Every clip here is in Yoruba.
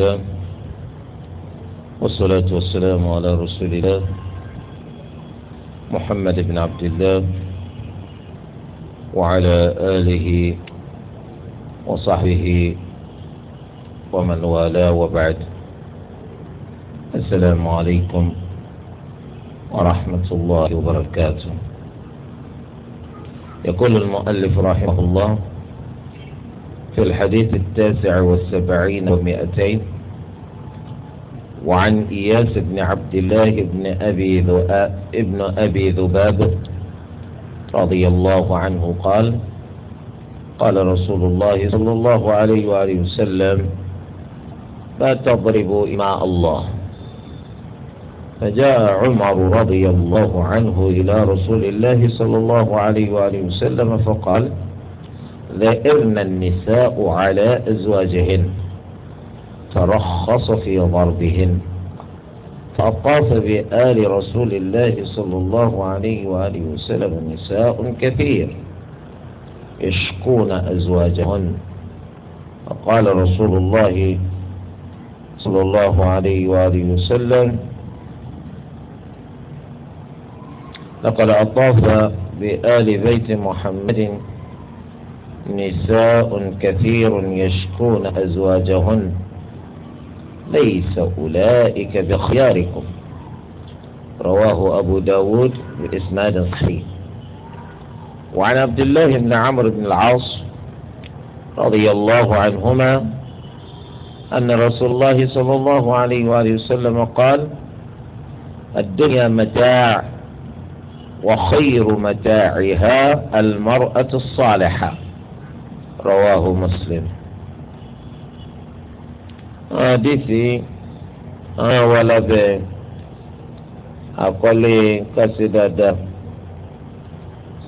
الله والصلاة والسلام على رسول الله محمد بن عبد الله وعلى آله وصحبه ومن والاه وبعد السلام عليكم ورحمة الله وبركاته يقول المؤلف رحمه الله في الحديث التاسع والسبعين ومائتين وعن إياس بن عبد الله بن أبي ذؤاب ابن أبي ذباب رضي الله عنه قال قال رسول الله صلى الله عليه وآله وسلم لا تضربوا إماء الله فجاء عمر رضي الله عنه إلى رسول الله صلى الله عليه وآله وسلم فقال ذئرن النساء على أزواجهن ترخص في ضربهن فطاف بآل رسول الله صلى الله عليه وآله وسلم نساء كثير يشكون أزواجهن فقال رسول الله صلى الله عليه وآله وسلم لقد أطاف بآل بيت محمد نساء كثير يشكون أزواجهن ليس أولئك بخياركم رواه أبو داود بإسناد صحيح وعن عبد الله بن عمرو بن العاص رضي الله عنهما أن رسول الله صلى الله عليه وآله وسلم قال الدنيا متاع وخير متاعها المرأة الصالحة rawahu muslim. àwọn àdìsí àwọn àwọn alábẹ́ àkọlé kásí dáadáa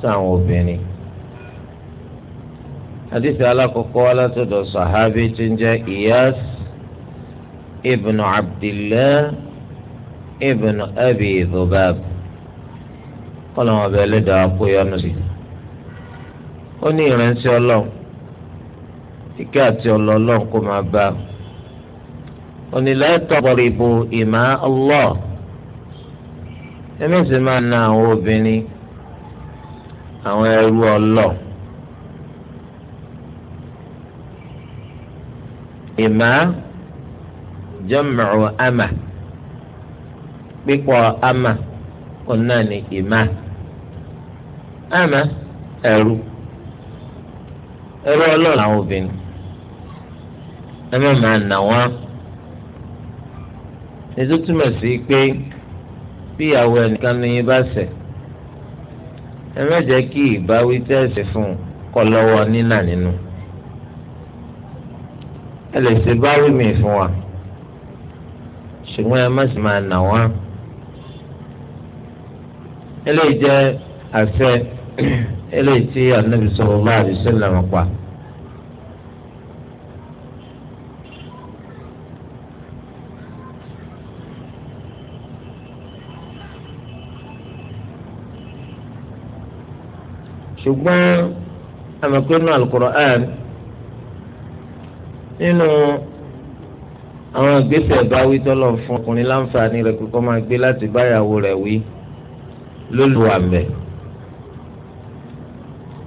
sáwọn obìnrin. àdìsí alákọ̀ọ́kọ́ alátọ̀dọ̀ sàhábí tó ń jẹ́ ìyáàs ibnu abdillah ibnu abi dhubab kọ́lọ́mọbẹ̀ lẹ́dàá kó yọnu sí. ó ní ìrẹsì ọlọ́run. ike àti ọlọ́lọ́ kó máa bá onílẹ̀ tọ́pọ̀rìbù ìmá ọlọ́ ẹ̀mí sì máa na àwọn obìnrin àwọn ẹrú ọlọ́ ìmá jẹ́mọ̀ọ́ àmà pípọ̀ àmà ọ̀nà ni ìmá àmà ẹrú ẹrú ọlọ́ làwọn obìnrin. ẹ má máa nà wọ́n ètò túmọ̀ sí pé bí ìyàwó ẹnìkan ní yín bá ṣẹ̀ ẹ má jẹ́ kí ìbáwí tẹ̀sí fún un kọ́ lọ́wọ́ nínà nínú ẹ lè ṣe báwí mi fún wa ṣùgbọ́n ẹ má sì máa nà wọ́n eléyìí jẹ́ àṣẹ eléyìí tí Ànábì sallallahu alaihi wasallam pa. ṣùgbọ́n àmọ̀pẹ́nu alukur'an nínú àwọn ìgbésẹ̀ ìbáwí tọ́lọ̀ fún ọkùnrin láǹfààní rẹ̀ kó máa gbé láti báyàwó rẹ̀ wí lólùwàmẹ̀.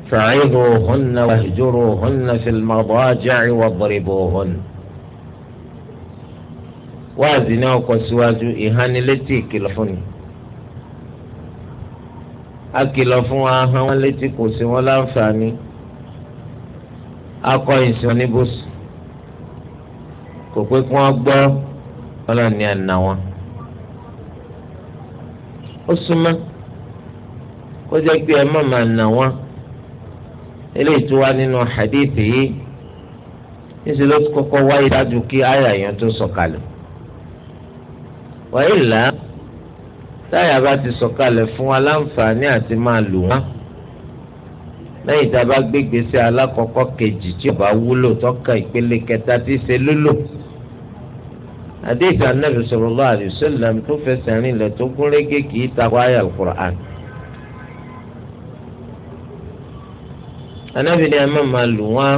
فعظوهن واهجروهن في المضاجع واضربوهن wáàzì náà kọ síwájú ìhánilétí ìkìlọ̀ fún ni akìlọ̀ fún wa hàn wọ́n létí kò sí wọn láǹfààní akọ ìsìn oníbùsùn kò pé kí wọ́n gbọ́ ọlọ́ni àná wọn. ó súnmọ́ kó jẹ́ pé ẹ má máa nà wọ́n eléyìí tó wá nínú hadith yìí níṣẹ́ ló kọ́kọ́ wáyé dájú kí àyà yẹn tó sọ̀kalẹ̀. wàyí là á táyà bá ti sọ̀kalẹ̀ fún wa láǹfààní àti máa lò wọ́n lẹ́yìn tá a bá gbé gbèsè alákọ̀ọ́kọ́ kejì tí ó bá wúlò tọ́ka ìpele kẹta tí í ṣe lólò àdéhùn anábì sallallahu alaihi wasallam tó fẹsẹ̀ rìn lẹ̀ tó gún régé kì í takò àyà al-Qur'an. anábì ni a máa máa lò wọ́n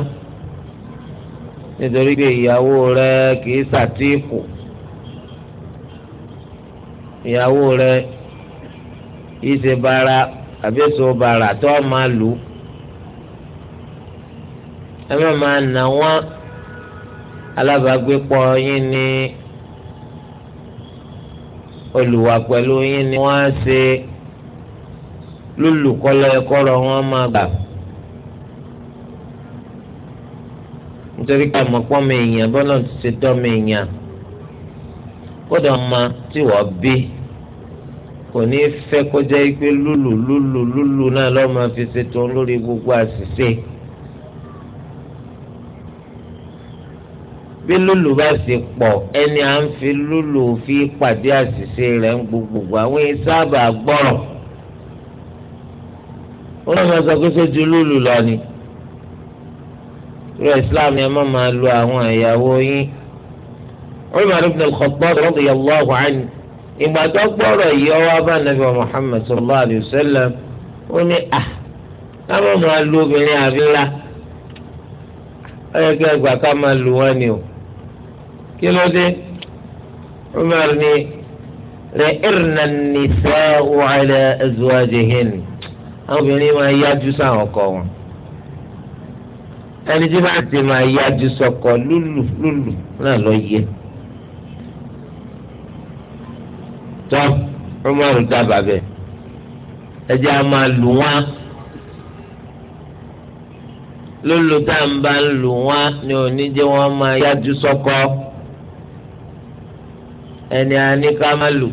nítorí pé ìyàwó rẹ̀ kì í ṣàtìkù ìyàwó rẹ ìṣe bara àbí èso bara tó máa lù ẹ má máa nà wọ́n alábàágbépọ̀ yín ni olùwà pẹ̀lú yín ni wọ́n á ṣe lólùkọ́lọ́ ẹ̀kọ́rọ̀ wọn máa gbà. nítorí pé àmọ́pọ́ mi èèyàn bọ́lá ti ṣe dán mi èèyàn kódà ọmọ tí wọ́n bí kò ní fẹ́ kọjá ipe lulu lulu lulu náà lọ́ọ́ máa fi ṣètò lórí gbogbo àṣìṣe. bí lulu bá ṣe pọ̀ ẹni à ń fi lulu fi pàdé àṣìṣe rẹ̀ ń gbogbo àwọn sábà gbọ́rọ̀. ó náà máa sọ pé sójú lulu lọ ni. irú Islam yẹn máa máa lo àwọn ìyàwó yín. Umar ibn al-Khattab radiyallahu anhu ìgbàdọ́ gbọ́rọ̀ yìí ọwọ́ abá nàbí wa Muhammad sallallahu alayhi wa sallam ó ní à ah, káwọn máa lu obìnrin àríra ọyọ kí ẹgbà ká máa lu wọn ni o kí ló dé Umar ni rẹ ìrìnà nìṣẹ́ wàhálà ẹ̀zùwájìhìn àwọn obìnrin máa yájú sáwọn ọkọ wọn ẹni tí bá ti máa yájú sọkọ lúlù lúlù náà lọ yẹ. Umaru dábàá bẹ́ẹ̀ ẹjẹ́ a máa lù wọ́n lólu tá à ń bá ń lù wọ́n ni òní jẹ́ wọ́n máa yájú sọ́kọ ẹni àní ká má lù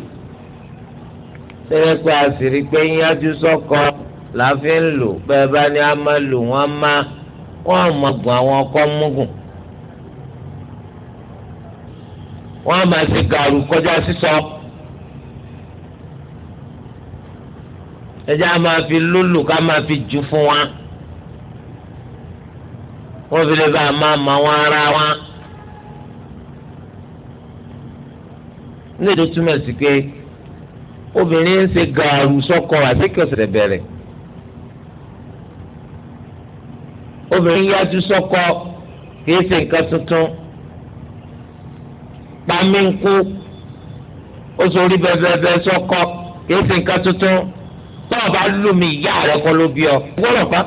sẹ́yìn pé àṣírí pé yájú sọ́kọ là á fi ń lò bẹ́ẹ̀ bá ní a máa lù wọ́n má wọ́n á máa gùn àwọn ọkọ múgùn wọ́n á máa ṣe gàrú kọjá sísọ. So ẹjẹ́ a máa fi lólù ká máa fi jù fún wa wọ́n fi lè bá a máa mọ wọn ara wa. ní èdè túmọ̀ sí pé obìnrin ń ṣe gàrú sọ́kọ àtẹ́kẹ̀sẹ̀ bẹ̀rẹ̀ obìnrin yájú sọ́kọ kìí ṣe nǹkan tuntun pàmí ń kú ó sọ orí bẹ́ẹ̀ bẹ́ẹ̀ sọ́kọ kìí ṣe nǹkan tuntun tó o bá lù mí ìyá rẹ kọ́ ló bí ọ gbọ́dọ̀ pa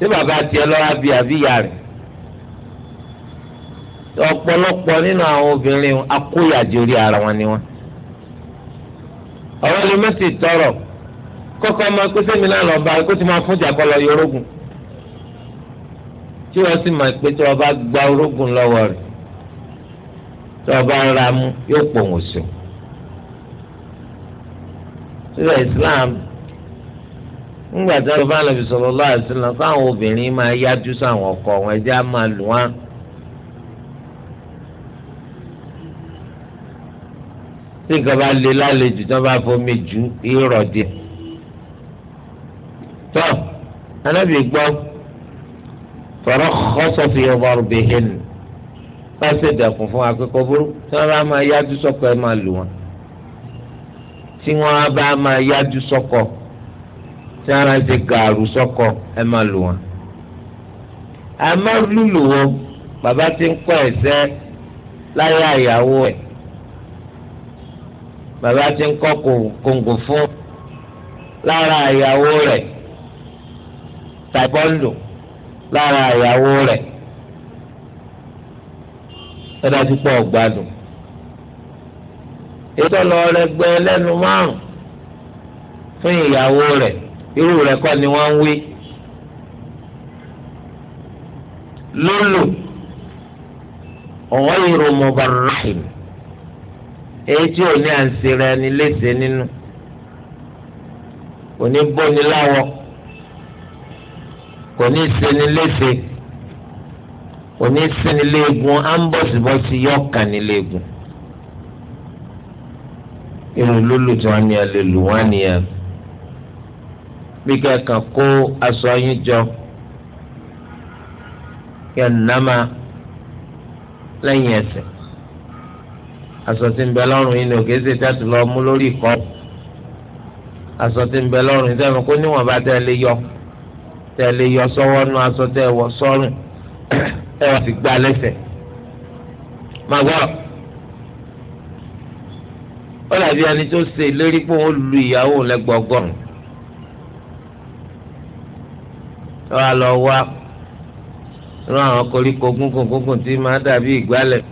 ṣé bàbá tiẹ̀ lọ́ra bí àbí ìyá rẹ̀ ọ̀pọ̀lọpọ̀ nínú àwọn obìnrin akóyàjẹ orí ara wọn ni wọn. ọ̀rọ̀ ni mẹ́sì tọrọ kọ́kọ́ máa kó sẹ́mi náà lọ bá kó ti máa fún jàkọ́ lọ yorógùn tí wọ́n sì máa pé tí wọ́n bá gba orógùn lọ́wọ́ rẹ̀ tí wọ́n bá ra mú yóò pọ̀ wọ́n sùn. Islam ńgbà tí wọn bá lọ fi sọ̀rọ̀ lọ́wọ́ àti lọ fáwọn obìnrin máa yájú sáwọn ọkọ wọn ẹjẹ́ á máa lù wọ́n. tí nǹkan bá le lálejò tí wọ́n bá fomi ju irọ́ díẹ̀. tọ́ anábì gbọ́ fọ̀rọ̀ kọ́sọ̀ fi ọ̀bọ̀rù bìhìn bá ṣe dẹ̀kun fún akẹ́kọ̀ọ́ burú tí wọ́n bá máa yájú sọ́kọ ẹ máa lù wọ́n. tí wọ́n bá máa yájú sọ́kọ. So tí ara ń ṣe gàrú sọ́kọ ẹ máa lò wọ́n. a máa lùlù wọn bàbá ti ń kọ́ ẹ̀sẹ́ láyé àyàwó ẹ̀ bàbá ti ń kọ́ kòǹgò fún lára àyàwó rẹ̀ tàbọ́ǹdù lára àyàwó rẹ̀ ẹ̀dá ti pọ̀ gbádùn ètò ọlọ́ọ̀rẹ́ gbẹ lẹ́nu márùn-ún fún ìyàwó rẹ̀ irú rẹ̀ kọ́ ni wọ́n ń wí lólò ọ̀wọ́ ìrò mọ̀bàràhìn èyí tí ò ní à ń sèrè ẹni léṣe nínú kò ní bóni láwọ̀ kò ní sẹni léṣe kò ní sẹni léegun á yọ ọ̀kan ní léegun irú lólò tí wọ́n ní ẹ lù wọ́n ní ẹ bí kẹkàn kó aṣọ yín jọ kẹ nàmà lẹ́yìn ẹsẹ̀ aṣọ tí ń bẹ lọ́rùn yín ni òkè ṣe tẹ́tù lọ mú lórí ìkọ́ aṣọ tí ń bẹ lọ́rùn yín sẹ́nu kó níwọ̀n bá tẹ́ lé yọ tẹ́ lé yọ sọ́wọ́ nu aṣọ tẹ́ wọ sọ́rùn ẹ wá sì gbá lẹ́sẹ̀ máa gbọ́ ó dàbí ẹni tó ṣe ìlérí pé òun lu ìyàwó lẹ́gbọ̀ọ́gọ́rùn wọ́n lọ wá irú àwọn koríko gúngùn gúngùn tí máa dàbí ìgbálẹ̀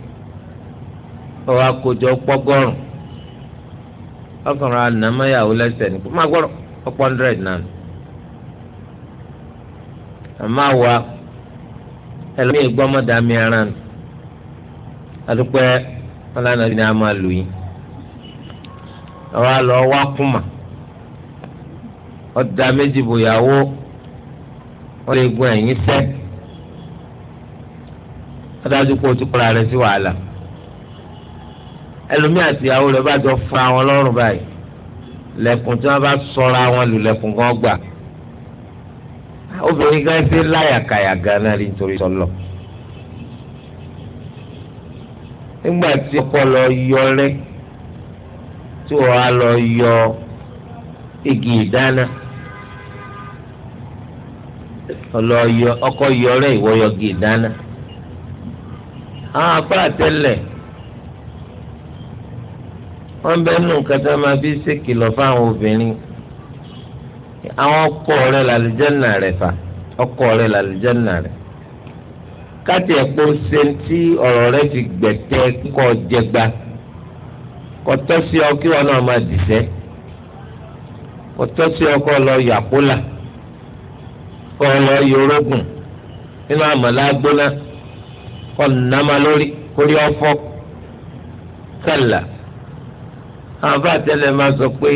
wọ́n jọ kojọ pọ́gọ́rùn ọkùnrin ànàmọ́yàwó lẹ́sẹ̀ ní kó má gbọ́rọ̀ ọ̀pọ̀ hundred náà àmọ́ àwa ẹlòmíì gbọ́mọdà mi ara adúpẹ́ ọlànà a máa lù yín àwa lọ wá kùmà ọ̀dà méjì bòyàwó. ó lè gun ẹ̀yìn sẹ́ ó o ti kóra rẹ sí wàhálà ẹlòmíì àti ìyàwó rẹ bá jọ fún àwọn lọ́rùn báyìí lẹ́kùn tí wọ́n bá sọra wọn lù lẹ́kùn kan gbà obìnrin gan ṣe láyàkàyà gan náà rí nítorí sọlọ nígbà tí ọkọ lọ yọ rẹ tí wọ́n á lọ yọ igi ìdáná. ọlọyọ ọkọ yọrẹ ìwọyọgì ìdáná àwọn apá àtẹlẹ wọn bẹ nù kẹta máa fi ṣèkìlọ̀ fáwọn obìnrin àwọn ọkọ rẹ làlùjẹnà rẹ fà ọkọ rẹ Kati rẹ káti ẹ̀kpọ́ sẹ́ńtì ọrọ rẹ ti gbẹ̀tẹ́ kọ́ jẹgba sí ọ kí wọn náà K'ọ sí ọ lọ kọ́ ọ lọ yorógùn nínú àmàlà gbóná kọ́ nàmà lórí kórí ọ̀fọ́ kàlà àwọn bá tẹ́lẹ̀ máa sọ pé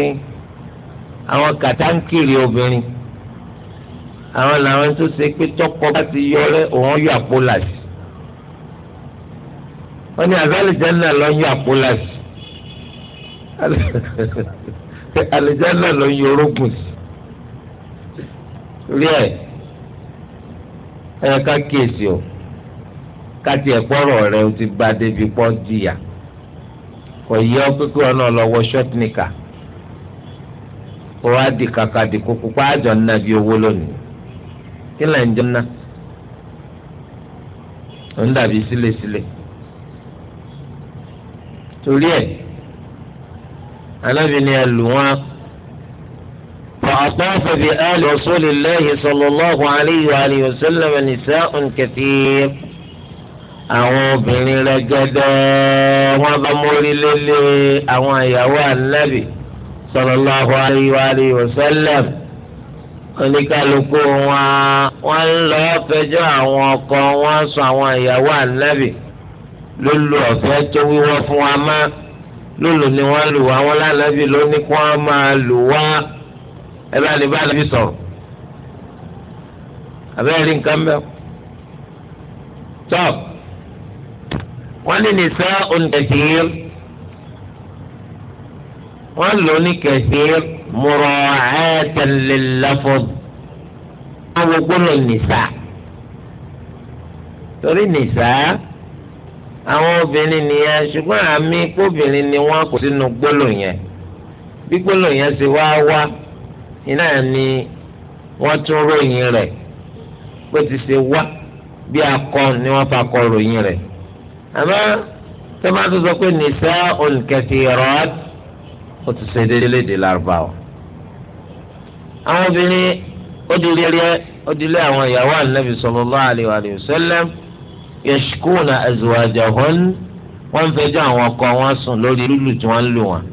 àwọn kàtàǹkìrì obìnrin àwọn làwọn tó ṣe pé tọkọ bá ti yọrẹ òun yọ àpò làṣì wọ́n ní àzálìjánná lọ yọ àpò làṣì àlìjánná lọ yọ orógùn sí rí ẹ̀ ẹ̀yẹ ká kíyèsí o ká tiẹ̀ gbọ́rọ̀ rẹ o ti bá débi pọ́ jìyà kò yẹ ọ pé kí wọn náà lọ wọ ṣọ́tìníkà kó wá di kàkà di kókó pa àjọ ńnà bíi owó lónìí kí là ń jọ ńnà ń dàbí sílẹ̀sílẹ̀ torí ẹ̀ anábìíní ẹ̀ lù wọ́n á. وأطاف بآل رسول الله صلى الله عليه وآله وسلم نساء كثير àwọn obìnrin rẹgẹdẹ wọn bá mórí lélẹ àwọn ìyàwó ànábì sallallahu alaihi wa alihi wa sallam oníkálukú wọn wọn ń lọ fẹjọ́ àwọn ọkọ wọn sọ àwọn ìyàwó ànábì lólu ọ̀fẹ́ tó wíwọ fún wa má lólu ni wọn lù wá wọn lánàbì lóní wọn máa lù wá ẹ bá lè bá lè fi sọ̀rọ̀ abẹ́rẹ́ rí nǹkan mẹ́ tọ́ wọ́n ní nìṣẹ́ oníkẹ̀sìr wọ́n lò oníkẹ̀sìr mọ̀rọ̀ ẹ̀ẹ́dẹ̀lẹ́lẹ́fọ́ àwọn gbọ́dọ̀ nìṣà torí nìṣà àwọn obìnrin nìyẹn ṣùgbọ́n àmì kóbìnrin ni wọ́n kò sínú gbọ́dọ̀ yẹn bí gbọ́dọ̀ yẹn ṣe wá wá iná ni wọ́n tún ròyìn rẹ̀ bó ti ṣe wá bí akọ ni wọ́n fa kọ ròyìn rẹ̀ àmọ́ tó máa tó sọ pé nìṣá olùkẹ́sì rọ́ọ̀t ó ti ṣe déédéé léde lárúbáwá àwọn obìnrin ó di rẹ́rẹ́ ó di lé àwọn ìyàwó ànábì sallallahu alaihi wa sallam yashkuna azwajahun wọ́n fẹjọ́ àwọn ọkọ wọn sùn lórí lùlù tí wọ́n ń lù wọn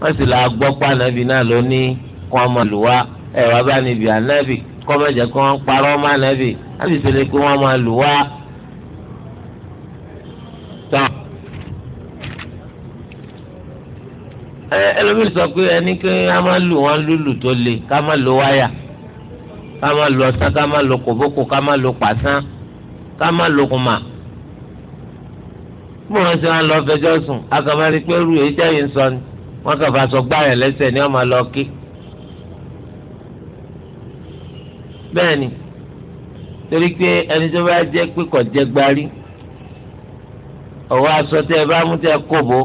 wọ́n sì là á gbọ́ pàànàbì náà lónìí kó wọn máa lù wá ẹ wá bá níbi ànábì kó má jẹ́ kó wọn parọ́ má ànábì ànábì sì lè kó wọn máa lù wá. ẹlòmíì sọ pé ẹni kí a máa lù wọn lùlù tó le ká máa lo wáyà ká máa lo ọsán ká máa lo kòbókò ká máa lo pàṣán ká máa lo kùmà fún wọn ṣe wọn lọ fẹjọ́ sùn akamari pé rú èyí tẹ̀yìn sọ ni wọn kàn sọ gbáyà lẹ́sẹ̀ ni wọn máa lọ kí. bẹ́ẹ̀ ni torí pé ẹni tó bá jẹ́ pé kò jẹ́ gbarí ọwọ́ aṣọ tẹ ẹ bá mú tẹ kóbo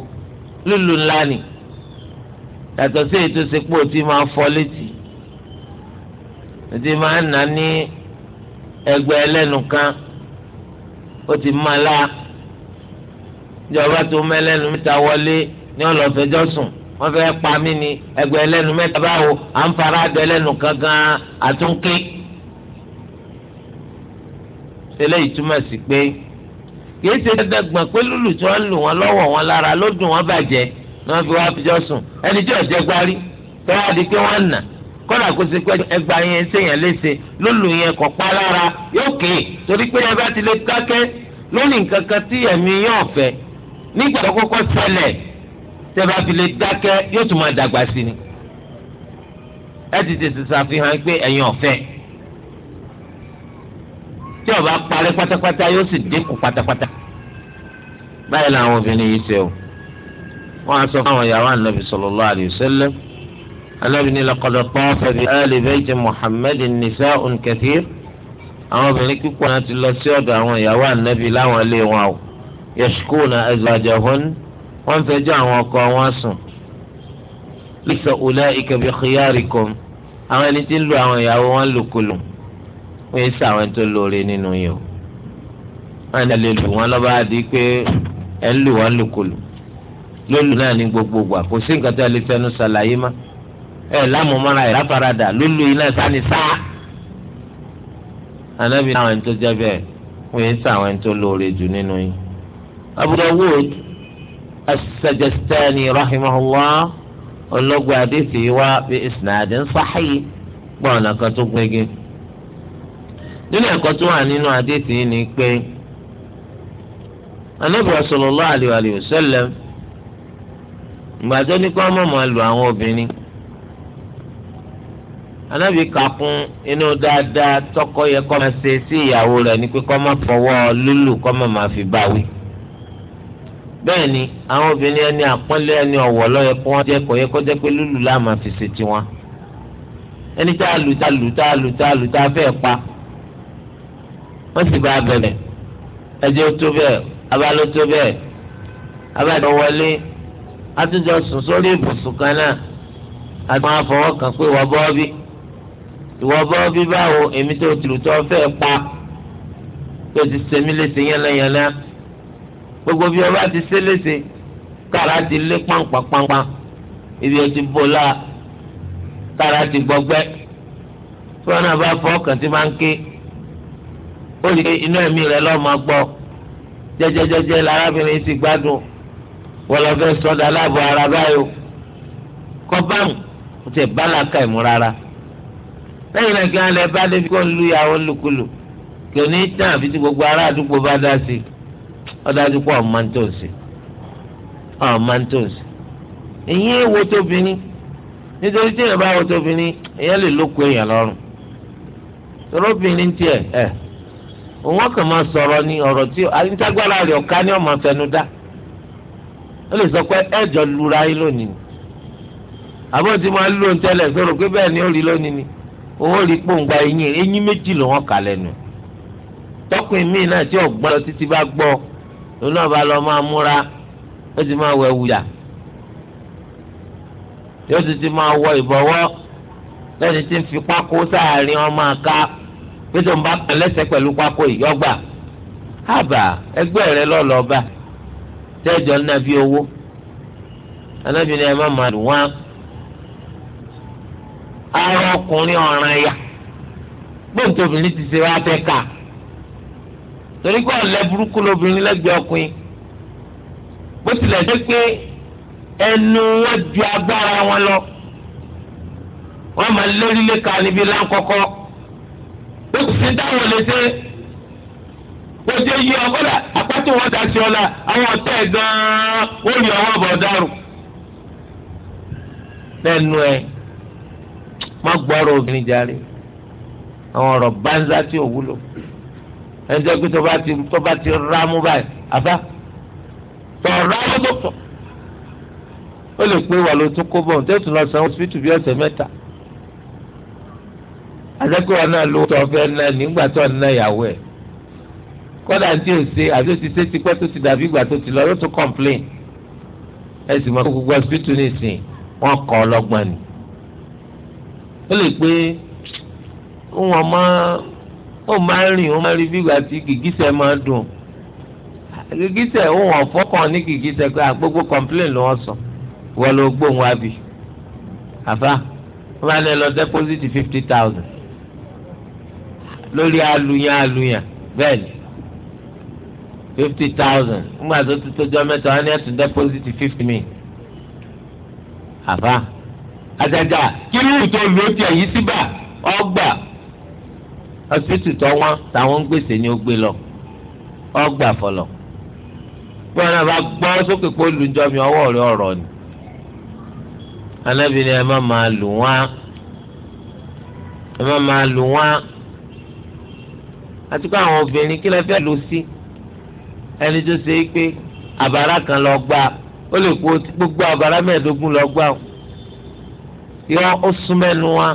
lùlù ńlá ni yàtọ̀ sí èyí tó ṣe pé òtí máa fọ létí òtí máa nà ní ẹgbẹ́ ẹlẹ́nu kan ó ti máa la ìjọba tó mẹ́lẹ́nu mẹ́ta wọlé ní ọlọ́fẹ́jọ́ sùn wọ́n fẹ́ pa mí ni ẹgbẹ́ ẹlẹ́nu mẹ́ta báwo à ń fara dọ ẹlẹ́nu kan àtúnké tẹ́lẹ̀ ìtumọ̀ sí pé kìí ṣe dandan pé lùlù tí wọ́n lù wọ́n lọ́wọ́ wọn lára ló dùn wọ́n bàjẹ́ ni wọ́n fi wá fi jọ sùn ẹni tí ọ̀jẹ̀ gbárí tọ́wọ́ di pé wọ́n nà kọ́dà kó ṣe pé ẹgbà yẹn ṣèyàn léṣe lùlù yẹn kọ̀ pa lára yóò ké torí pé ẹ bá ti lè dákẹ́ lónìí nǹkan kan tí ẹ̀mí yóò fẹ́ nígbà tó kọ́kọ́ ṣẹlẹ̀ tẹ́ bá fi lè dákẹ́ yóò tún máa dàgbà sí ni ẹ ti tètè ṣàfihàn pé ẹ̀yin ọ̀fẹ́ tí ó bá parí pátápátá yóò sì dínkù pátápátá báyìí làwọn obìnrin yìí ṣe o wọn á sọ fún àwọn ìyàwó ànábì sallallahu alayhi wa sallam ànábì ní laqad tafa bi ali bayti muhammadin nisa'un kathir àwọn obìnrin kíkọ́ náà ti lọ sí ọ̀dọ̀ àwọn ìyàwó ànábì láwọn ilé wọn o yashkuna azwajahun wọ́n fẹjọ́ àwọn ọkọ wọn sùn laysa ulaika bi khiyarikum àwọn ẹni tí ń lu àwọn ìyàwó wọn lùkulù. wọ́n yé sí àwọn ẹni tó lóore nínú yìí o wọ́n ní alẹ́ lù wọ́n lọ́ba di pé ẹ̀ ń lù wọ́n lùkulù lólù náà ní gbogbo gbà kò sí nǹkan tó lè fẹnu ṣàlàyé má ẹ lámùmọ́ra ẹ̀ láfaradà lólù yìí náà sáni sá anábì náà àwọn ẹni tó jẹ́ bẹ́ẹ̀ wọ́n sí àwọn ẹni tó lóore jù nínú Abu adé fi wá bí gbọ́n nínú ẹ̀kọ́ tó wà nínú àdéhìí yìí ni pé Ànábì sallallahu alayhi wa sallam ìgbà tó ní kó ọmọ mọ lu àwọn obìnrin Ànábì kàkún inú dáadáa tọkọ yẹ kó máa ṣe sí ìyàwó rẹ̀ ní pé kó má fọwọ́ lúlù kó má máa fi bá bẹ́ẹ̀ ni àwọn obìnrin ẹni àpọ́nlé ẹni ọ̀wọ̀ lọ́yẹ kó wọ́n jẹ́ kó yẹ kó jẹ́ pé lúlù láà máa fi ṣe tiwọn ẹni tá a lù tá a lù tá a lù tá a lù pa wọ́n sì bá a bẹ̀rẹ̀ ẹjẹ́ ó tó bẹ́ẹ̀ abaló tó bẹ́ẹ̀ abájọ wọlé atúnjọ sùn sórí ibùsùn kan náà àtúnwá fọwọ́ kàn pé ìwọ bọ́ọ̀bí ìwọ bọ́ọ̀bí báwo èmi tó tìrùtọ́ fẹ́ pa tó ti sẹ́mi léṣe yánnayànna gbogbo bí ọba ti sé léṣe kára ti lé pàǹpàǹpàǹpà ibi ó ti kára ti gbọgbẹ́ tí bá fọwọ́ kàn tí máa ń ké. ó lè inú ẹ̀mí rẹ lọ́mọ gbọ́ jẹ́jẹ́jẹ́jẹ́ lárábìnrin ti gbádùn wọ́n lọ fẹ́ ara báyò kọ́bámù ó ti bá làákà ìmú rárá lẹ́yìn náà kí wọ́n lè bá débi kó ń lu ìyàwó lukulù kí oní tán àfi tí gbogbo ará àdúgbò bá dá sí i ó dájú pé ọ̀n ń tó sí ọ̀n ń wo nítorí tí bá wo lè lóko èèyàn lọ́rùn tiẹ̀ ẹ̀. Eh. òun kàn máa sọ̀rọ̀ ní ọ̀rọ̀ tí alítágbára rẹ̀ ọ̀ká ní ọmọ fẹnu dá ó lè sọ pé ẹ̀jọ̀ lura yín lónìí àbọ̀ tí máa lò ń tẹ́lẹ̀ sọ̀rọ̀ pé bẹ́ẹ̀ ni ó rí lónìí ni òun ò rí pòǹgbà eyín eyín méjì ló wọ́n kà lẹ́nu tọkùn mí náà tí ọ̀gbọ́n lọ títí bá gbọ́ òun náà bá lọ máa múra ó ti máa wẹ̀ wùyà yóò ti ti máa wọ ìbọ̀wọ́ lẹ́ni tí ń fi pákó sáàárín ọmọ àká pé tó ń bá pẹ̀ lẹ́sẹ̀ pẹ̀lú pákó ìyọ́gbà àbà ẹgbẹ́ rẹ lọ́lọ́ba tẹ́jọ́ nàbí owó anábìnrin ẹ̀ má máa dùn wá ara ọkùnrin ọ̀ràn ẹ̀yà gbóǹtò obìnrin ti ṣe wá fẹ́ ká torí pé ọ̀lẹ́ burúkú lobìnrin lẹ́gbẹ̀ẹ́ ọkùnrin bó tilẹ̀ jẹ́ pé ẹnu wọn ju agbára wọn lọ wọ́n máa lérí lé ka níbi láńkọ́kọ́ ó sì ti dáwọ̀ léṣe ó ṣe yí ọgọ́dà apátó wọn dá sí ọ̀la àwọn ọ̀tẹ̀ gan-an ó rí ọwọ́ bọ̀ dárò lẹ́nu ẹ̀ má gbọ́rọ̀ obìnrin járe àwọn ọ̀rọ̀ bánzá tí ò wúlò ẹni tó tó bá ti tó bá ti rámú báyìí àbá tó rámú tó tọ̀ ó lè pé wà ló tún kó bọ̀ ní tẹ́sán lọ sanwó síbítù bí ọ̀sẹ̀ mẹ́ta àtẹ́kọ̀ọ́ náà ló tọ́ fẹ́ náà nígbà tó ná ìyàwó ẹ̀ kọ́dà tí ò ṣe àti ó ti ṣe tipẹ́ tó ti dàbí ìgbà tó ti lọ yóò tó complain ẹ sì mọ gbogbo hospital nìsín wọn kọ ọlọ́gbọ́n ni ó lè pé wọn máa ó máa ń rìn ó máa ń rí bí ìgbà tí gìgísẹ̀ máa dùn gìgísẹ̀ ó wọn fọ́kàn ní gìgísẹ̀ pé àgbógbó complain ló wọ́n sọ wọ́n ló gbóhùn wá bì àfa wọ́n bá ní ẹ lọ deposit fifty thousand lórí aluyan aluyan bẹ́ẹ̀ ni fifty thousand ńgbà tó ti tójọ́ mẹ́ta wọn ni ẹ̀sùn dẹ́pọ́sìtì fifty mi àbá àjàjà kí ló tó lò ó tiẹ̀ yìí síbà ọgbà hospital tó wọn táwọn ń gbèsè ni ó gbé lọ ọgbà fọlọ bí wọn náà bá gbọ́ sókè pé olùjọ mi ọwọ́ rẹ ọ̀rọ̀ ni anábìrin ẹ má máa lù wọ́n ẹ má máa lù wọ́n àti pé àwọn obìnrin kí lè fẹ́ lò sí ẹni tó ṣe é pé àbárà kan lọ gbà ó lè kó gbogbo àbárà mẹ́ẹ̀ẹ́dógún lọ gbà ó yọ ó súnmẹ́nu wa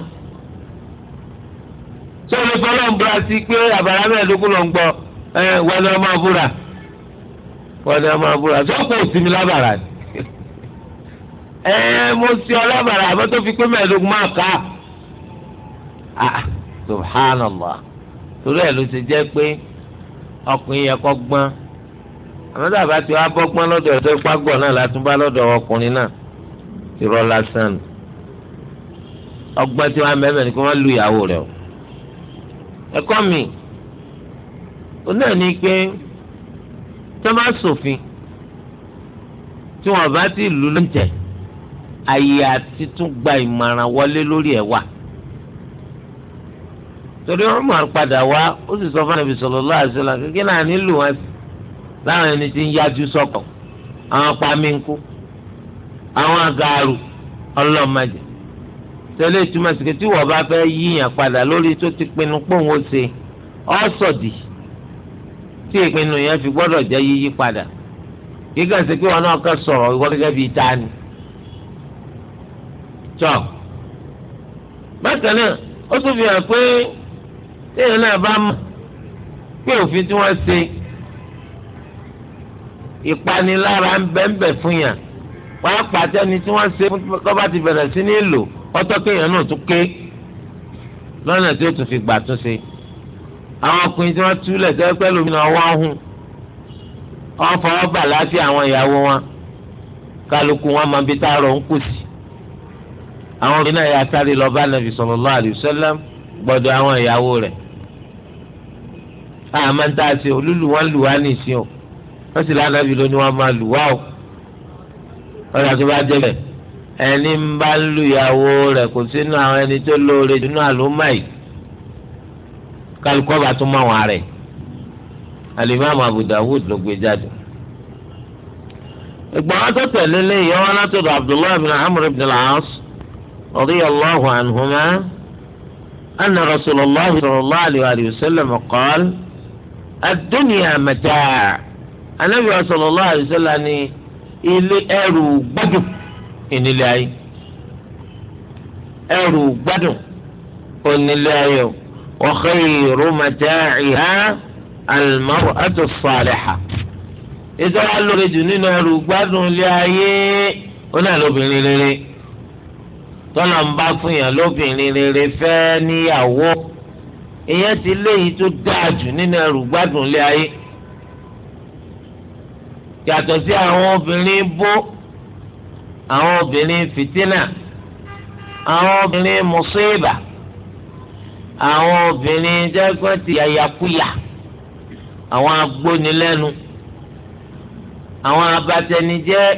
tó lè gbọ́ lọ́n búra sí pé àbárà mẹ́ẹ̀ẹ́dógún lọ ń gbọ́ ẹ wọ́n ni wọ́n máa búra wọ́n ni wọ́n máa búra tó kò sí mi lábàrà ni ẹ mo sí ọ lábàrà àbọ̀ tó fi pé mẹ́ẹ̀ẹ́dógún máa kà á ah, subhanallah torí ẹ̀ ló ti jẹ́ pé ọkùnrin yẹ kọ́ gbọ́n àmọ́ tàbá tí wàá bọ́gbọ́n lọ́dọ̀ ẹ̀dọ́ gbàgbọ́ náà látúbá lọ́dọ̀ ọkùnrin náà ti rọ lásán nù ọgbọ́n tí wàá mẹ́mẹ́ ni kí wọ́n lu ìyàwó rẹ̀ o ẹ̀kọ́ mi ó náà ní pé tí wọ́n bá ṣòfin tí wọ́n bá ti lù lóúnjẹ àyè àti tún gba ìmọ̀ràn wọlé lórí ẹ̀ wà torí Umar padà wá ó sì sọ fún Ànábì sallallahu alaihi wasallam kékeré náà nílò wọn láwọn ẹni tí ń yájú sọkọ àwọn pamínkù àwọn agaaru ọlọmọdé tẹ́lẹ̀ ìtumọ̀ sìkè tí wọ́n bá fẹ́ yíyàn padà lórí tó ti pinnu pòun ó ṣe tí ìpinnu yẹn fi gbọdọ jẹ́ yíyí padà sí pé wọn náà sọrọ ìwọ bíi bákan náà ó tún fi hàn pé. téèyàn náà bá mọ̀ pé òfin tí wọ́n ṣe ìpanilára ń bẹ́ńbẹ́ fún yàn wọ́n á pàtẹ ni tí wọ́n ṣe kọ́ bá ti bẹ̀rẹ̀ sí ní lò ọtọ́ kéèyàn náà tún ké lọ́nà tí ó tún fi gbà tún ṣe àwọn ọkùnrin tí wọ́n túlẹ̀ tẹ́lẹ̀ pẹ́ lómi náà wọ́n hùn wọ́n fọwọ́ bà láti àwọn ìyàwó wọn kálukú wọn máa bí tá a rọ̀ ń kù sí àwọn obìnrin náà yà sáré lọ bá nàbì sallallahu alaihi wasallam gbọ́dọ̀ àwọn ìyàwó rẹ̀ àmọ́ ń tà sí olúlu wọn lù wá nìsín o wọ́n sì lánàá bí lóní wọn máa lù wá o wọ́n yà tó bá jẹ́ bẹ̀ ẹni ń bá ń lu ìyàwó rẹ̀ kò sínú àwọn ẹni tó lóore nínú àlùmọ́ yìí bá tún mọ̀ wọn rẹ̀ alimami Abu Dawud ló gbé jáde ìgbọ́n tó tẹ̀lé lé ìyàwó látọ̀dọ̀ Abdullahi bin Amr bin al-As radiyallahu anhuma. أن رسول الله صلى الله عليه وآله وسلم قال الدنيا متاع النبي صلى الله عليه وسلم ilé ẹrù gbádùn ìnílé ayé ẹrù gbádùn onílé ayé wa khayru mata'iha al-mar'atu as-salihah ìtọ́ra lórí jù nínú ẹrù gbádùn ilé ayé ó náà lóbìnrin rere tọ́lá ń bá fún yàn lóbìnrin rere fẹ́ níyàwó ìyẹn ti léyìí tó dáa jù nínú ẹrù gbádùn lé ayé yàtọ̀ sí àwọn obìnrin bó àwọn obìnrin fìtínà àwọn obìnrin mùsíbà àwọn obìnrin jẹ́gbọ́n yàyàkúyà àwọn agbónilẹ́nu àwọn abatẹnijẹ́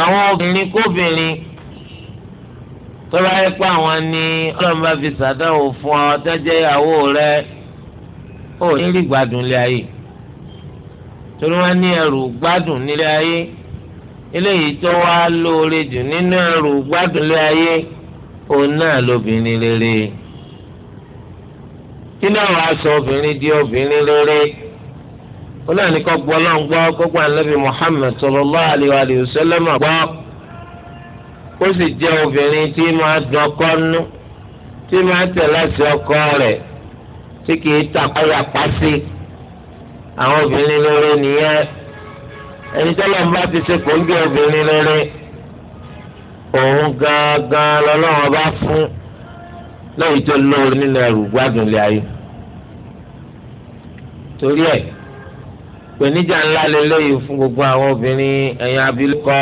àwọn obìnrin kóbìnrin. tọ́lá yẹn pé àwọn ni ọlọ́run bá fi sàdáwò fún ọ tẹ́jẹ́ ìyàwó rẹ ó ní rí gbádùn ilé ayé torí wọ́n ní ẹrù gbádùn nílé ayé eléyìí tó wá lóore jù nínú ẹrù gbádùn ilé ayé òun náà lóbìnrin rere kí náà wàá sọ di obìnrin rere ó náà ní kọ́ gbọ́ lọ́n gbọ́ gbogbo ànábì muhammed sallallahu alaihi wa gbọ́. ó sì jẹ́ obìnrin tí máa dùn ọkọ nú tí máa tẹ̀ láti ọkọ rẹ̀ tí kìí tàkọ́yà pàṣẹ àwọn obìnrin lóore nìyẹn ẹni tẹ́lẹ̀ ń bá ti ṣe kòńgé obìnrin lóore òun gangan lọ́lọ́run bá fún lẹ́yìn tó lóore nínú ẹrù gbádùn lé ayé torí ẹ̀ pèníjà ńlá lélẹ́yìn fún gbogbo àwọn obìnrin ẹ̀yìn abilékọ.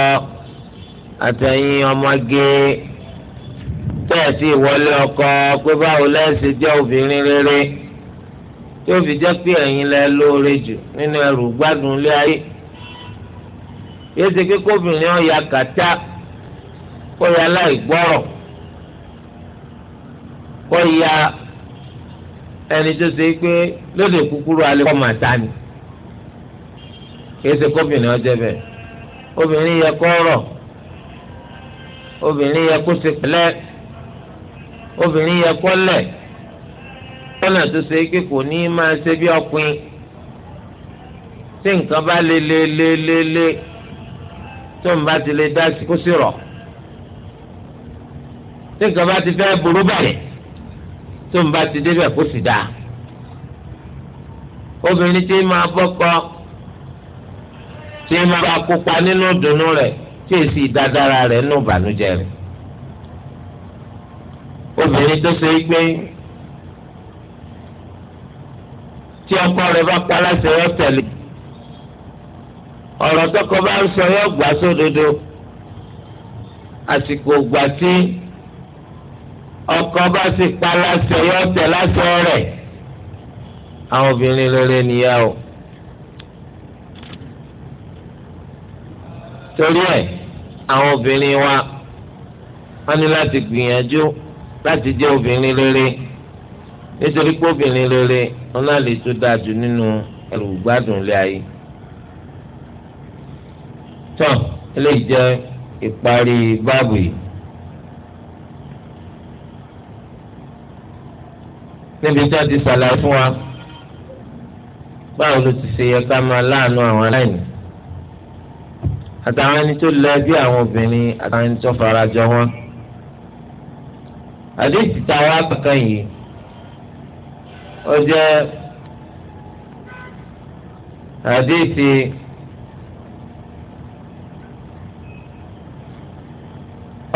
àtẹ̀yìn ọmọge tẹ̀sí ìwọlé ọkọ pé báwo lẹ́sìn jẹ́ obìnrin rere tí ó fi jẹ́ pé ẹ̀yin lẹ lóore jù nínú ẹrù gbádùn ilé ayé yéésì kíkó obìnrin kàtá ya láì gbọ́rọ̀ kó ya ẹni tó ṣe pé lóde kúkúrú ta ni yéésì obìnrin yẹ kọ́ obìnrin yẹ kó ṣe pẹ̀lẹ́ obìnrin yẹ kó lẹ̀ lọ́nà tó ṣe pé kò ní máa ṣe bí ọpin tí nǹkan bá le le le le le tó ń bá ti le dá kó sì rọ̀ tí nǹkan bá ti fẹ́ burú bàjẹ́ tó ń bá ti débẹ̀ kó sì dáa obìnrin tí máa bọ́kọ tí máa bá kópa nínú ìdùnnú rẹ̀ tí èsì ìdádára rẹ̀ nù bànújẹ́ rẹ̀ obìnrin tó ṣe é gbé tí ọkọ rẹ̀ bá pa láti ẹyọ tẹ́lẹ̀ ọ̀rọ̀ tọkọ bá ń sọ yọ gbà sódodo àsìkò gbà tí ọkọ bá sì pa láti ẹyọ tẹ láti ọrẹ àwọn obìnrin lórí ènìyàn o torí ẹ̀ àwọn obìnrin wa wọ́n ní láti gbìyànjú láti jẹ́ obìnrin rere nítorí pé obìnrin rere wọn náà lè tó dáa jù nínú ẹrù gbádùn ilé ayé. tọ́ eléyìí jẹ́ ìparí báàbù yìí. níbi tí wọ́n ti ṣàlàyé fún wa báwo ló ti ṣe yẹ ká máa láàánú àwọn aláìní àtàwọn ẹni tó lẹ bí àwọn obìnrin àtàwọn ẹni tó fara jọ wọn. àdéhùn táwọn abàkan yìí ó jẹ́ àdéhùn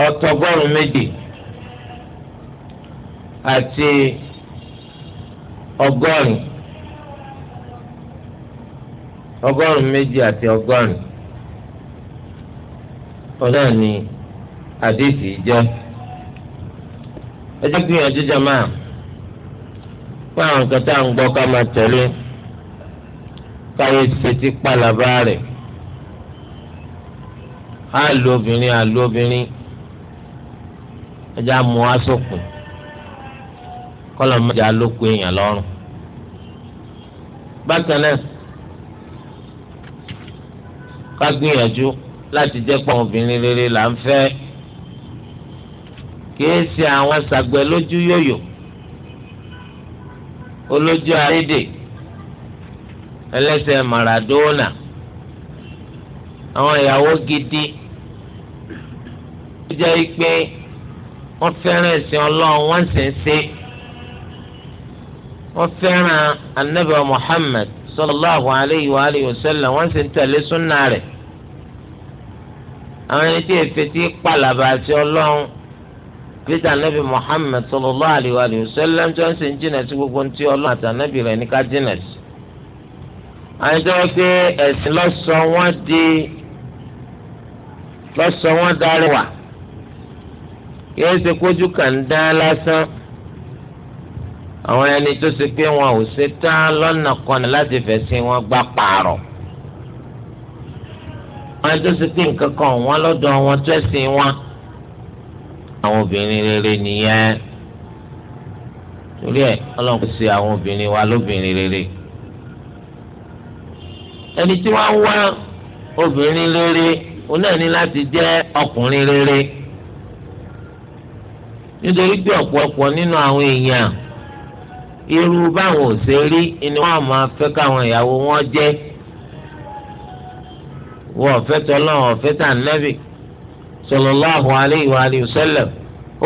ọ̀tọ̀gọ́rùn méjì àti ọgọ́rin ọgọ́rùn méjì àti ọgọ́rin. ọ̀nà ni àdéhìí jẹ́ ẹ gbìyànjú jama fún àwọn nǹkan tá à ń gbọ́ ká máa tẹ̀lé káyé ṣètì pàlàbà rẹ̀ á obìnrin obìnrin asòkùn kọ́lọ̀ èèyàn lọ́rùn bákan láti jẹ́ pọ̀ obìnrin rere là ń fẹ́ kìí ṣe àwọn sàgbẹ́ lójú yòyò olójú arédè ẹlẹ́sẹ̀ Maradona àwọn ìyàwó gidi ó jẹ́ pé wọ́n fẹ́ràn ẹ̀sìn ọlọ́run wọ́n sì ń ṣe wọ́n fẹ́ràn anabi Muhammad sallallahu alayhi wa alihi wa sallam wọ́n sì ń tẹ̀lé súnà rẹ̀ àwọn ẹni tí èfè tí pàlàbà àti ọlọ́run peter anabi muhammed sallallahu alayhi wa sallam tí wọ́n sì ń jìnà sí gbogbo ntí ọlọ́run àti anabi rẹ̀ ní ká jìnà sí. àwọn ìjọba pé ẹ̀sìn lọ́sọ̀ wọ́n di lọ́sọ̀ wọ́n darí wà yóò ṣe kójú kàn dán lásán àwọn ẹni tó ṣe pé wọn ò ṣe tán lọ́nà kan láti fẹ̀sìn wọn gbà pààrọ̀ àwọn tó ṣe pé nǹkan kan wọn lọ́dọ̀ wọn tó ẹ̀sìn wọn. àwọn obìnrin rere nìyẹn torí ẹ̀ ọlọ́run kò ṣe àwọn obìnrin wa lóbìnrin rere. ẹni tí wọ́n wá obìnrin rere òun náà ní láti jẹ́ ọkùnrin rere nítorí pé ọ̀pọ̀lọpọ̀ nínú àwọn èèyàn irú báwọn ò ṣe rí ni wọ́n máa fẹ́ káwọn ìyàwó wọn jẹ́ wọ́n ọ̀fẹ́ tọ́lọ́ ọ̀fẹ́ tà nẹ́bì sallallahu alayhi wa alihi wa sallam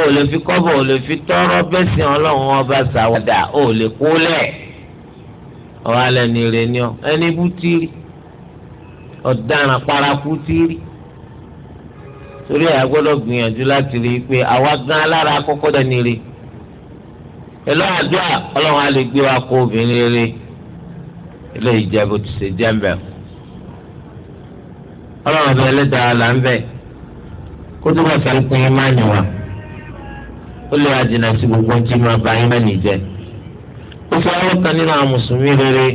ó lè fi kọ́bọ̀ ó lè fi tọ́rọ́ bẹ́sìn ọlọ́run ọba ṣàwàdà ó lè kúlẹ̀ ọ̀hún alẹ́ ní ire ni ọ ẹni bú tìrì ọ̀daràn paraku tìrì torí ẹ̀ gbọ́dọ̀ gbìyànjú láti rí i pé àwa gan alára kọ́kọ́ dẹ̀ ní ire àdúrà ọlọ́run á lè gbé wa kó obìnrin rere ilé ìjẹ́bù ti ṣe jẹ́ mbẹ́mu. ọlọ́run ọba ẹlẹ́dàá là ń bẹ̀ kó tó bá sàlùkùn yín máa yàn ó gbogbo ohun tí bá yín jẹ ó fẹ́ ọwọ́ kan nínú àwọn mùsùlùmí rere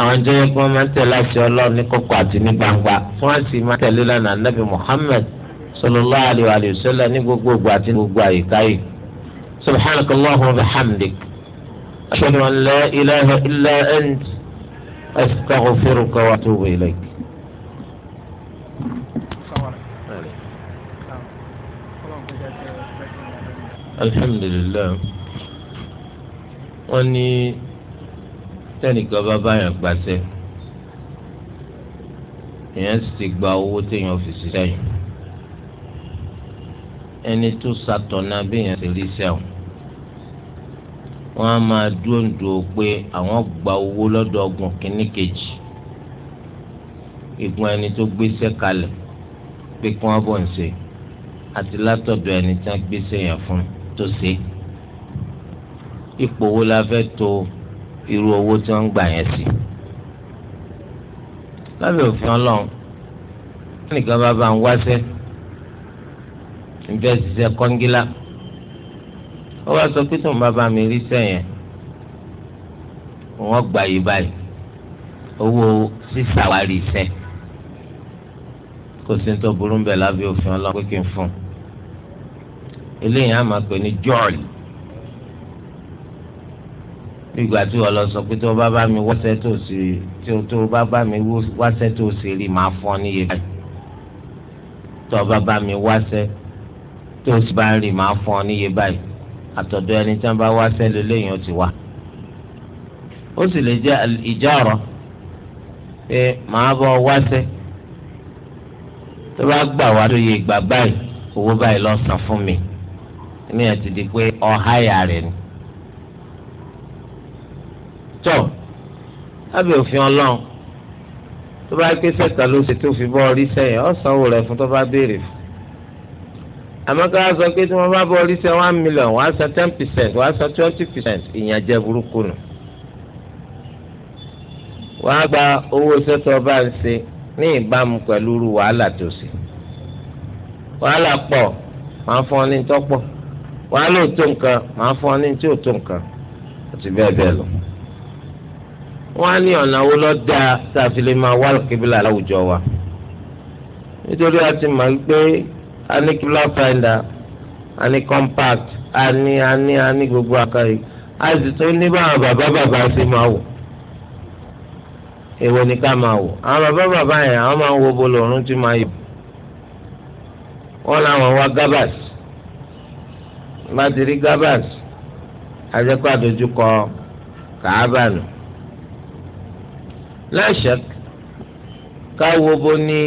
àwọn jẹ́ kí wọ́n máa ń tẹ̀lé àti ọlọ́run ní kọ̀kọ̀ àti ní gbangba tí wọ́n sì máa tẹ̀lé lánàá gbogbo ògbà àti gbogbo àyíká yìí wa an la ilaha illa ant astaghfiruka wa atubu ilayk. alhamdulilayi wọ́n ní tẹnìkan bá báyàn gbàṣẹ èèyàn sì ti gba owó téèyàn fi ṣiṣẹ́ yìí ẹni tó ṣàtọ̀nà béèyàn ṣe rí iṣẹ́ ọ̀hún wọ́n á máa dúndú pé àwọn gba owó lọ́dọ̀ ọgbọ̀n kínní kejì igun ẹni tó gbéṣẹ́ kalẹ̀ pé kí wọ́n bọ̀ ń ṣe àti látọ̀dọ̀ ẹni tí wọ́n gbéṣẹ́ yẹn fún un tó ṣe ipò wo la fẹ́ to irú owó tí wọ́n ń gbà yẹn sí. lábẹ́ òfin ọlọ́run nìkan bá bá ń wáṣẹ́ níbẹ̀ ṣiṣẹ́ kọ́ngílá ó wá sọ pé tóun bá bá mi rí sẹ́yìn wọ́n gbà yí báyìí owó sísàwárí iṣẹ́ kò sí ní tó burú ń bẹ̀ lábẹ́ òfin ọlọ́run pé kí n fún un eléyìí á máa pè ní jọ́ọ̀lì ìgbà tí wọ́n lọ sọ pé tó bá bá mi wáṣẹ́ tó sì tí tó bá bá mi wáṣẹ́ tó sì rí màá fọ́ níye báyìí tó bá bá mi wáṣẹ́ tó sì bá rí màá fọ́ níye báyìí àtọ̀dọ̀ ẹni tí wọ́n bá wáṣẹ́ lélẹ́yìn ó ti wá. ó sì lè jẹ́ ìjárọ̀ pé màá bọ́ wáṣẹ́ tó bá gbà wá tó yẹ ìgbà báyìí owó báyìí lọ san fún mi ní ẹ ti di pé ọ̀háyà rẹ̀ ni. tó lábẹ́ òfin ọlọ́run tó bá gbé sẹ́ta ló ṣe tó fi bọ́ ọrí sẹ́yìn ọ̀sánwó rẹ̀ fún tó bá béèrè fún. àmọ́ sọ pé tí wọ́n bá bọ́ ọrí sẹ́ one million wàá san ten percent wàá san twenty percent ìyànjẹ burúkú nù. wàá gba owó sẹ́tọ̀ bá ń ṣe ní ìbámu pẹ̀lú wàhálà tó ṣe. wàhálà pọ̀ máa ń fún ọ ní tọ́pọ̀. wàá lò tó nǹkan màá fún ọ ní tí ò nǹkan àti bẹ́ẹ̀ bẹ́ẹ̀ lọ. wọ́n á ní ọ̀nà wo lọ da sàfilẹ̀ máa wá kíbílà láwùjọ wa nítorí a ti mọ̀ pé a ní kíbílà finder a ní compact a ní a ní a ní gbogbo a sì tún ní báwọn bàbá bàbá ṣe máa ni ká máa wò àwọn bàbá bàbá yẹn àwọn máa ń wo bolo tí máa wá Madiri gabas ajẹ́kọ́ àdójúkọ kàábànú. láṣẹ káwo bo ní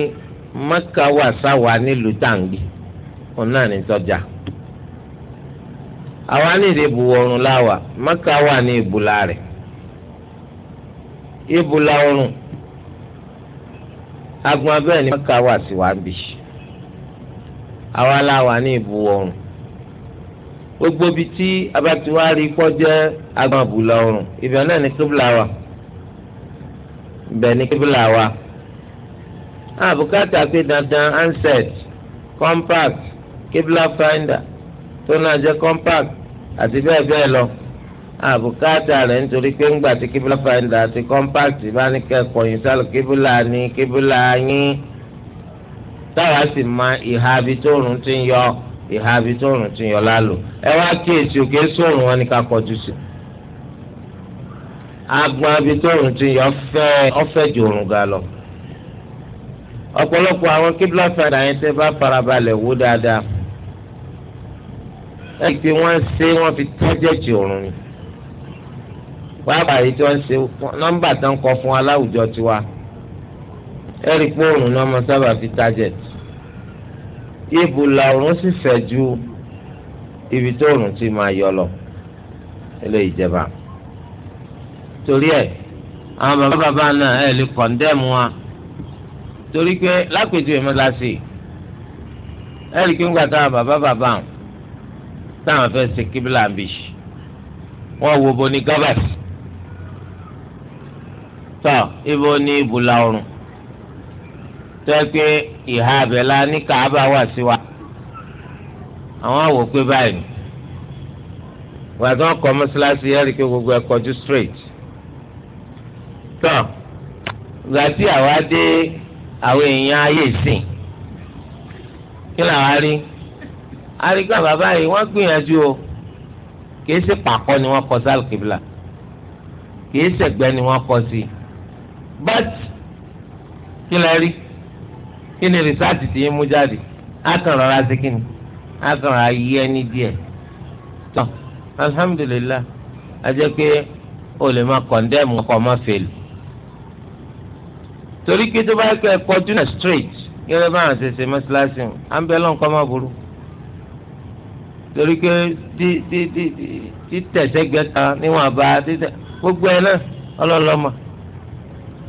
mẹ́ka wà sáwà nílùú tàǹgbì òun náà ní tọ́jà. àwa ní ìdè ìbùwọ̀rùn láwà mẹ́ka wà ní ìbùlà rẹ̀. ìbùlà ọrùn agun abẹ́ẹ̀ ní mẹ́ka wà sí bì. àwa láwà ní ìbùwọ̀rùn gbogbo bi tí abatiwari kọ́ jẹ́ agbọn àbúlá ọrùn ibẹ̀ náà ní kíbla wa ibẹ̀ ní kíbla wa àbùkátà pé dandan handset compact kíbla finder tó náà jẹ́ compact àti bẹ́ẹ̀ bẹ́ẹ̀ lọ àbùkátà rẹ̀ nítorí pé ńgbà tí kíbla finder àti compact bá ní kẹ́kọ̀ọ́ yìí sálọ kíbla ní kíbla yín táwa sì mọ ìhà ibi tó rùn ti yọ ìhà àbí tóòrùn tún yọ lálò ẹ wá kíyèsí òkè sóòrùn wọn ni ká kọjú sí. agbọn àbí tóòrùn tún yọ ọfẹ ọfẹ jù òrùn ga lọ. ọ̀pọ̀lọpọ̀ àwọn kíbla fàdà yẹn tẹ́ bá farabalẹ̀ wó dáadáa. ẹ ti wọ́n ṣe wọ́n fi tájẹ̀tì òrùn ni. pàápàá yìí tí wọ́n ṣe nọ́mbà tó kọ fún aláwùjọ tiwa. ẹ rí i pé òrùn ni wọ́n mọ sábà fi tájẹ̀tì ibùlà òrùn sì fẹ̀ ju ibi tó òrùn ti máa yọ lọ eléyìí jẹba torí ẹ àwọn bàbá bàbá náà ẹ lè kọ̀ndẹ́mù wa torí pé lápèjúwe mi la sí ẹ rí i pé ńgbà táwọn bàbá bàbá táwọn fẹ́ ṣe kíbílà ń bì wọ́n wo bo ní gọ́bẹ̀sì tọ́ ibo ní ibùlà òrùn tẹ́ pé ìhà abẹ́lá ní kàába wà sí wa àwọn àwò pé báyìí wàtí wọn kọ mọ́ṣáláṣí ẹ̀rí pé gbogbo ẹ̀ kọjú straight tọ́ ìgbà tí àwa dé àwọn èèyàn ayé ìsìn kí làwa rí àríkà bàbá yìí wọ́n gbìyànjú o kìí ṣe pàkọ́ ni wọ́n kọ sí alùkìbìlà kìí ṣègbè ni wọ́n kọ sí but kí lè rí kí ni rìsáàtì tí ń mú jáde àtàn rárá sí kí ni àtàn rárá yí ẹni díẹ̀ tó alhamdulilah a jẹ́ pé o lè máa kọ̀ndẹ́mù ọkọ̀ máa fèlè torí pé tó bá kọ ẹ̀kọ́ dúnà straight gẹ́gẹ́ bá àwọn ṣẹ̀ṣẹ̀ mọ́ṣáláṣí à ń bẹ lọ́nkọ́ máa burú torí pé tí tí tí tí tẹ̀sẹ̀gbẹ́ta níwọ̀n àbá títẹ̀ gbogbo ẹ̀ náà ọlọ́lọ́mọ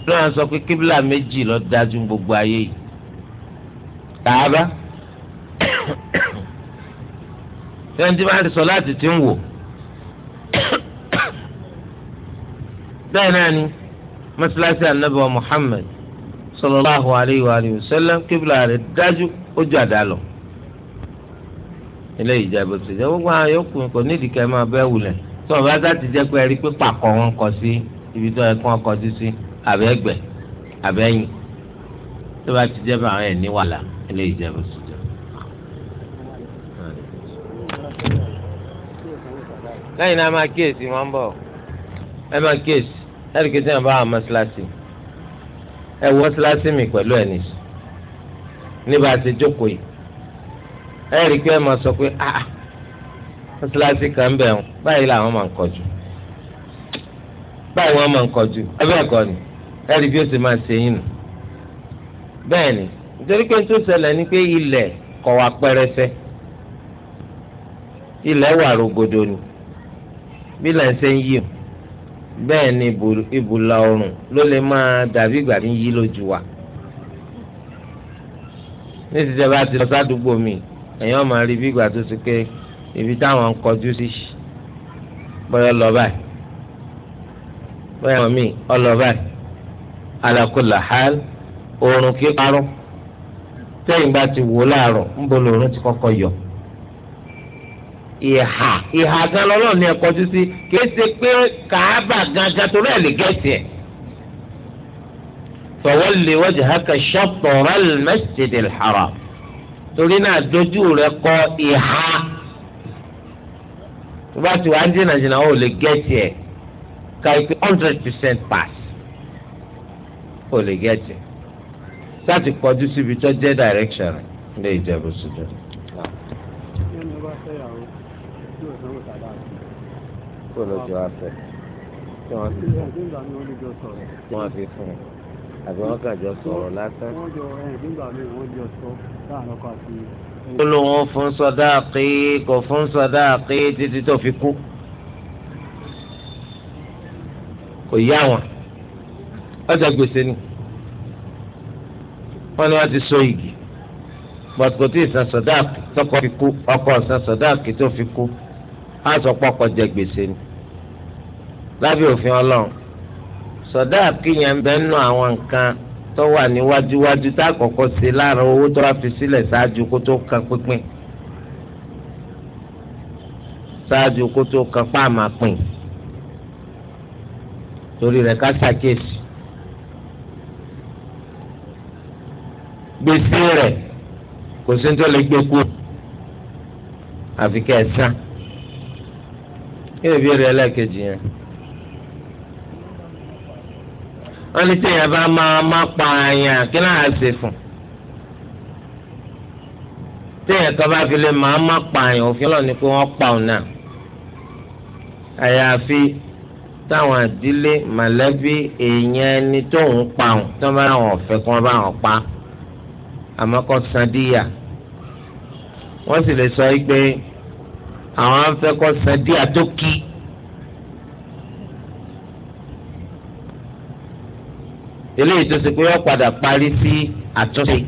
lọ́wọ́n sọ pé kíbílà méjì ló dájú gbogbo ayé yìí kàába sẹ́ni tí máa ń sọ láti ti ń wò bẹ́ẹ̀ náà ni mọ́sálásí ànábì wa Muhammad sallallahu alayhi wa alihi wa sallam kíbla rẹ̀ dájú ó ju àdá lọ ilé ìjàbọ tó jẹ gbogbo àwọn yòókù kò nídìí kẹ máa bẹ wulẹ̀ tí wọn bá sá ti jẹ pé ẹrí pé pàkọ wọn kọ sí ibi tó yẹ kó wọn sí àbẹ́gbẹ́ àbẹ́yìn tó bá ti jẹ́ bá àwọn ẹ̀ ní wàhálà eléyìí jẹ́ bó ti jẹ́. lẹ́yìn náà máa kíyèsí wọn ń bọ̀ ẹ máa kíyèsí ẹ̀rí kí sẹ́yìn bá wà mọ́ṣáláṣí ẹ wọ́ ṣáláṣí mi pẹ̀lú ẹ̀ nìṣó níbà ṣe jókòó yìí ẹ̀rí pé ẹ máa sọ pé ah mọ́ṣáláṣí kan bẹ̀ ń báyìí làwọn máa ń kọjú báyìí wọ́n máa ń kọjú ẹ bẹ́ẹ̀ kọ́ ni ẹ̀rí bí ó ṣe máa ṣe yín nù bẹ́ẹ̀ ni nítorí pé tó ṣẹlẹ̀ ni pé ilẹ̀ kọ̀ wá pẹrẹsẹ ilẹ̀ wà rògbòdò ni bí ilẹ̀ ń ṣe ń yí o bẹ́ẹ̀ ni ìbùlà oòrùn ló lè máa dàbí ìgbà tí yí lójú wa ní ti tẹ́ bá ti lọ sádùúgbò mi èèyàn máa rí bí ìgbà tó ṣe pé ibi táwọn ń kọjú sí bọ́yọ̀ lọ báyìí bọ́yọ̀ mi ọ lọ báyìí ala kulli hal. Orun kí parun bá ti wò láàárọ̀ ń bọ̀ ti kọkọ yọ ìhà ìhà gan lọ́lọ́run ni ẹ kọjú sí kì í ṣe pé kàábà gangan torí ẹ̀ lè gẹ̀ẹ́sì ẹ̀. haram torí náà dojú rẹ kọ ìhà tó bá ti wà á jìnnà ó lè ká hundred percent pass ó lè láti kọjú síbi tó jẹ́ direction rẹ̀ lè jẹ́ bó ṣe jẹ́. kó ló jọ afẹ́ tí wọ́n fi fún wọ́n fi fún àbí wọ́n kàn jọ sọ̀rọ̀ lásán. ó lóun fún sọdá àkè kò fún sọdá àkè títí tó fi kú kò yá wọn ọjà gbèsè ni wọ́n ní wọ́n ti so igi bọ̀tùkọ̀ tí ìsan sọ̀dáàkì tọkọ fi kú ọkọ ìsan sọ̀dáàkì tó fi kú á sọ pọ́kọ jẹ gbèsè ni lábẹ́ òfin ọlọ́run sọ̀dáàkì yẹn ń bẹ nù àwọn nǹkan tó wà níwájúwájú tá a kọ́kọ́ ṣe lára owó tó wá fi sílẹ̀ ṣáájú kó tó kan pínpín ṣáájú kó tó kan páàmà pín torí rẹ̀ ká ṣàkíyèsí gbèsè rẹ̀ kò sí ní tó lè gbé kú àfi kẹ́ ẹ̀ sàn kí ni ìbéèrè ẹlẹ́ẹ̀kejì yẹn wọ́n ní tẹ̀yìn bá máa má pa àyàn kí náà á ṣe fún tẹ̀yìn kan bá fi lè máa má pa àyàn òfin lọ́ọ̀ ni pé wọ́n pa òun náà àyàfi táwọn àdílé mọ̀lẹ́bí èèyàn ẹni tó ń pa òun tó ń bá wọn fẹ́ kí wọ́n bá wọn pa á àmọ́ kó san díyà wọ́n sì lè sọ pé àwọn afẹ́ kó san díyà tó kí. eléyìí tó ṣe pé wọ́n padà parí sí àtúnṣe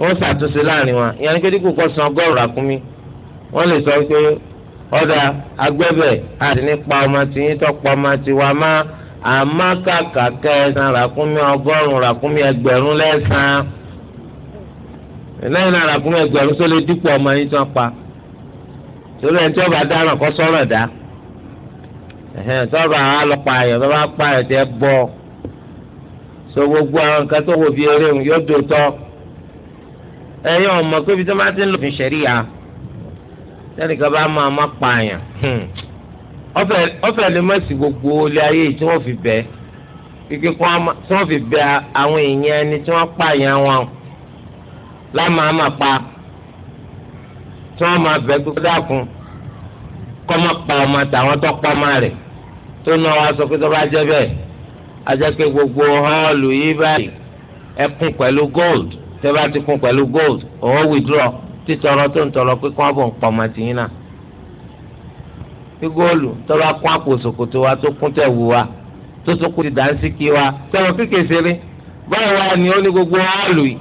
wọ́n ṣàtúnṣe láàrin wa ìyẹn ní pé dípò kó san ọgọ́rùn-ún àkúnmí wọ́n lè sọ pé ọ̀dà agbẹ́bẹ̀ àti nípa ọmọ tìyín tó pa ọmọ tiwa máa àmọ́ kàkà kẹsàn ràkúnmí ọgọ́rùn ràkúnmí ẹgbẹ̀rún lẹ́sàn lẹ́yìn náà ràkúnmí ẹgbẹ̀rún sólè dípò ọmọ yín tán pa torí ẹni tí ọba dáràn kọ́ sọ̀rọ̀ dá tọ́ba alọ́pàá ayọ̀ tọ́ba pa ayọ̀ tẹ́ bọ́ so gbogbo àwọn nǹkan tó wò bí eré òun yóò dò tọ́ ẹ̀yin ọmọ pé ibi tí wọ́n bá ti ń lò fún ṣẹ̀ríya lẹ́nìkan bá máa má pa ayọ̀ ọfẹ lè má sí gbogbo ilé ayé tí wọ́n fi bẹ kíkẹ kí wọ́n fi bẹ àwọn èèyàn ẹni tí wọ́n pààyàn wọn lámàámà pa tí wọ́n máa bẹ gbogbo dákun kọ́ máa pa ọmọ tàwọn tó pa ọmọ rẹ̀ tó náà wá sọ pé tó bá jẹ́ bẹ́ẹ̀ ajẹ́pẹ́ gbogbo họ́ọ̀lù yìí báyìí ẹ kún gold tẹ́ bá ti kún pẹ̀lú gold òun withdraw títọrọ tó ń tọrọ pé kí wọ́n bọ̀ ń pa ọmọ tìyín náà tí góòlù tọ́ba kún àpò ṣòkòtò wa tó kún tẹ̀ wù wa tó tún kún ti dànsíkì wa tẹ̀wọ̀n kékeré ṣeré báyìí wa ni ó ní gbogbo áàlù yìí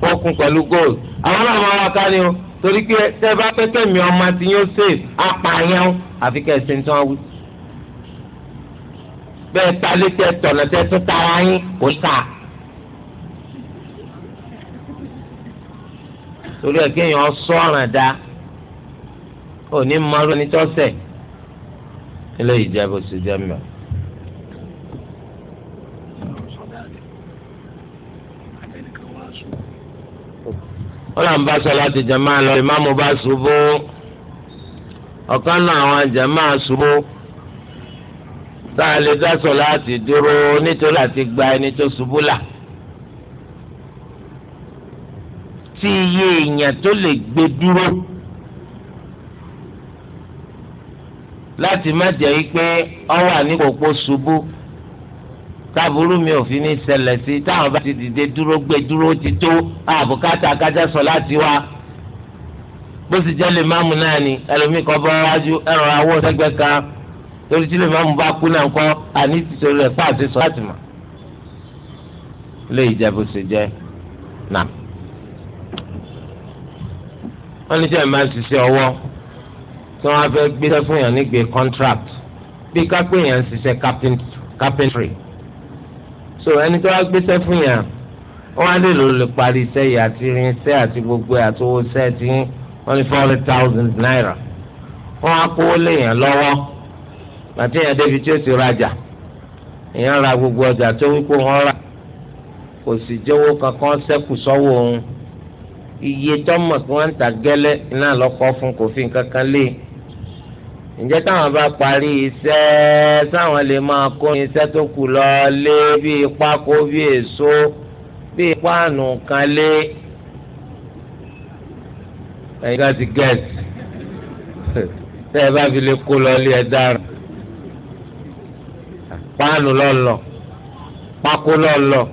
wọ́n kún pẹ̀lú góòlù àwọn náà máa wá ká ni o torí pé tẹ́ bá pẹ́kẹ́ mi ọmọ ti yóò ṣèf apààyàn àfi kẹ́ ẹ ṣe ń tán wí. bẹ́ẹ̀ ta létí ẹ tọ̀nà tẹ́ tún tara yín kò tà. torí ẹ̀ kéèyàn sọ ọ̀ràn dá òní mọ́rú ẹni tó sẹ̀ eléyìí jẹ́ bó ṣe jẹ́ mẹ́rin. ọlọ́run bá sọ láti jama lọ ìmáàmù bá ṣubú ọ̀kan náà àwọn jama ṣubú tá a lè dá sọ láti dúró nítorí àti gba ẹni tó ṣubú là tí iye èèyàn tó lè gbé dúró. láti má jẹ́ pé ọwọ́ àníkòpó ṣubú táburú mi ò fi ní ṣẹlẹ̀ sí táwọn bá ti dìde dúró gbé dúró ti tó àbùkátà akájá sọ láti wá bó sì jẹ́ lè máàmù náà ni ẹlòmíì kan bọ́ wájú ẹ̀rọ awọ́ sẹ́gbẹ́ kan torí tí lè máàmù bá kú náà kọ́ àní tìtorí rẹ̀ pàṣẹ sọ láti mọ̀ lè jẹ́ bó ṣe jẹ́ náà wọ́n ní sẹ́yìn máa ń ṣiṣẹ́ ọwọ́ tí wọ́n fẹ́ gbéṣẹ́ fún yàn nígbè contract bí kápẹ́ yàn ń ṣiṣẹ́ carpentry so ẹni tó wá gbéṣẹ́ fún yàn wọ́n á lè lò lè parí iṣẹ́ yìí àti irinṣẹ́ àti gbogbo àtòwò iṣẹ́ tí wọ́n ní four hundred thousand naira wọ́n á kówó léèyàn lọ́wọ́ àti èèyàn débi tí ó ti rajà èèyàn ra gbogbo ọjà tó wípé wọ́n rà kò sì jówó kankan ṣẹ́kù sọ́wọ́ òun iye tọ́mọ̀ tí wọ́n ń ta gẹ́lẹ́ iná lọ́kọ́ fún kò fi nǹkan lé e ǹjẹ́ táwọn bá parí iṣẹ́ sáwọn lè máa kó iṣẹ́ tó kù lọ lé bíi pákó bíi èso bíi páànù kan lé ẹ̀yin ká ti gẹ̀ẹ́sì tẹ́ ẹ bá fi lè kó lọ lé ẹ dára páànù lọ́lọ́ pákó lọ́lọ́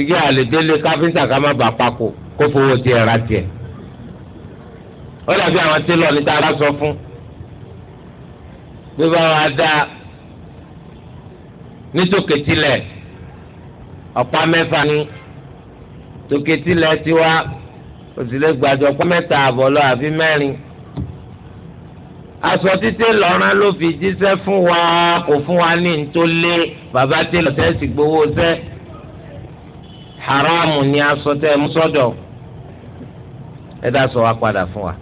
igi àlèdélé káfíńtà ká má bà pákó kó fowó tiẹ̀ ra tiẹ̀ ó dàbí àwọn télọ̀ níta bá sọ fún bí bá wàá dá nítòkètìlẹ̀ ọ̀pá mẹ́fà ní tòkètìlẹ̀ tiwa òsìlẹ̀ gbàdọ̀ ọ̀pá mẹ́ta àbọ̀ lọ àbí mẹ́rin aṣọ títí lọ́rán ló fi jíṣẹ́ fún wa kò fún wa ní ntólé bàbá tí lọ́sẹ̀ sì gbowó sẹ́ haramu ni aṣọ mú ẹ dá sọ wa padà fún wa.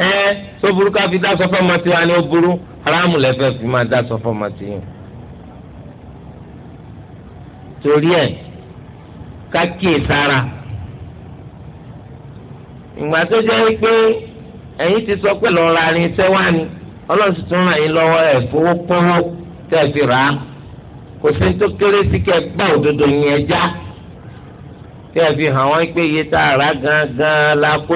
ẹ tó burú ká fi dá wa ni ó burú haramu lẹfẹ fi máa dá sọ fọmọ tí torí ẹ ká sára ìgbà tó jẹ́ ẹ̀yin ti sọ pé lọ́ọ́ ra ni iṣẹ́ wá ni ọlọ́run tún ràn yín lọ́wọ́ ẹ̀ fowó rà kò sí tó kéré sí òdodo já fi hàn wọ́n pé iye tá a rà gangan la kó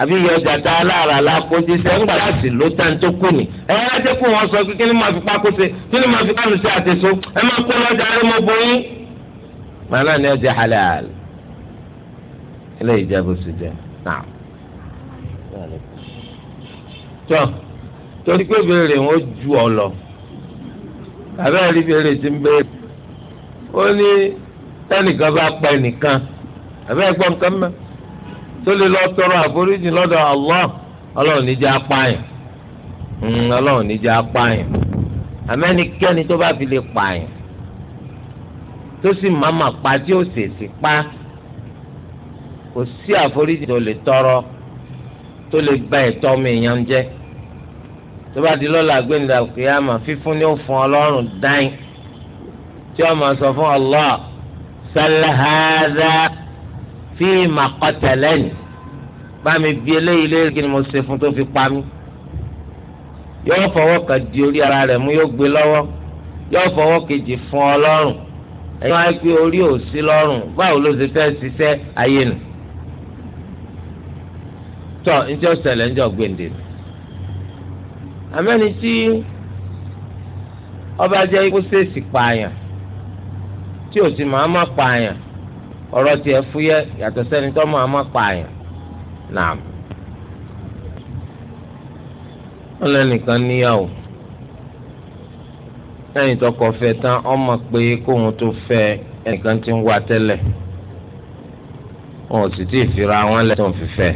àbí iye ọjà tá a lára la kó jíṣẹ́ ńgbà láti ló tá n tó kù ní. ẹ ẹ jẹ́ kó wọ́n sọ pé kí ni màá fi pákó ṣe kí ni màá fi kánú ṣe àtẹ̀só ẹ máa kó lọ́jà rẹ mọ́ bóyín. màánà ni ọjà halal eléyìí jẹ́ bó ṣe jẹ́ náà. tó torí pé béèrè wọn ju ọ lọ àbẹ́ rí béèrè ti ń béèrè ó ní ẹnìkan bá pa ẹnìkan àbẹ́ ẹ̀gbọ́n kan mẹ́rin tó lè lọ tọrọ àforíjì lọ́dọ̀ Allah ọlọ́run níjẹ́ apáyàn hmm, ọlọ́run níjẹ́ apáyàn amẹ́nikẹ́ni tó bá fi lè pààyàn tó sì máma pa tí ó ṣèṣì pa kò sí àforíjì tó lè tọrọ tó lè gba ẹ̀tọ́ ọmọ èèyàn jẹ́ tó bá di lọ́la gbẹ̀ndà kìyàmà fífún ni ó ọlọ́run dáin tí ó máa sọ fún Allah sálẹ̀ hàdá fi ma qatalani bámi bí eléyìí léyìí kí ni mo ṣe fún tó fi pa mí yóò fọwọ́ kan di orí ara rẹ̀ mú yóò gbé lọ́wọ́ yóò fọwọ́ kejì fún ọ lọ́rùn ẹ̀yin wáyé pé orí ò sí lọ́rùn báwo ló ṣe fẹ́ ṣiṣẹ́ ayé nu tọ́ njẹ́ ọ̀sẹ̀lẹ̀ njẹ́ ọ̀gbẹ̀ǹdẹ̀ nù àmẹ́ni ọba jẹ́ ikú ṣèèṣì pààyàn tí ò sì máa má pààyàn ọ̀rọ̀ tiẹ̀ fúyẹ́ yàtọ̀ sẹ́ni tó mọ̀ àmọ́ pààyàn náà. wọ́n lẹ́nìkan níyàwó lẹ́yìn tọkọ fẹ́ tán ọmọ pé kóun tó fẹ́ ẹnìkan ti ń wá tẹ́lẹ̀ wọn ò sì tí ì fira wọn lẹ́tọ̀ fífẹ́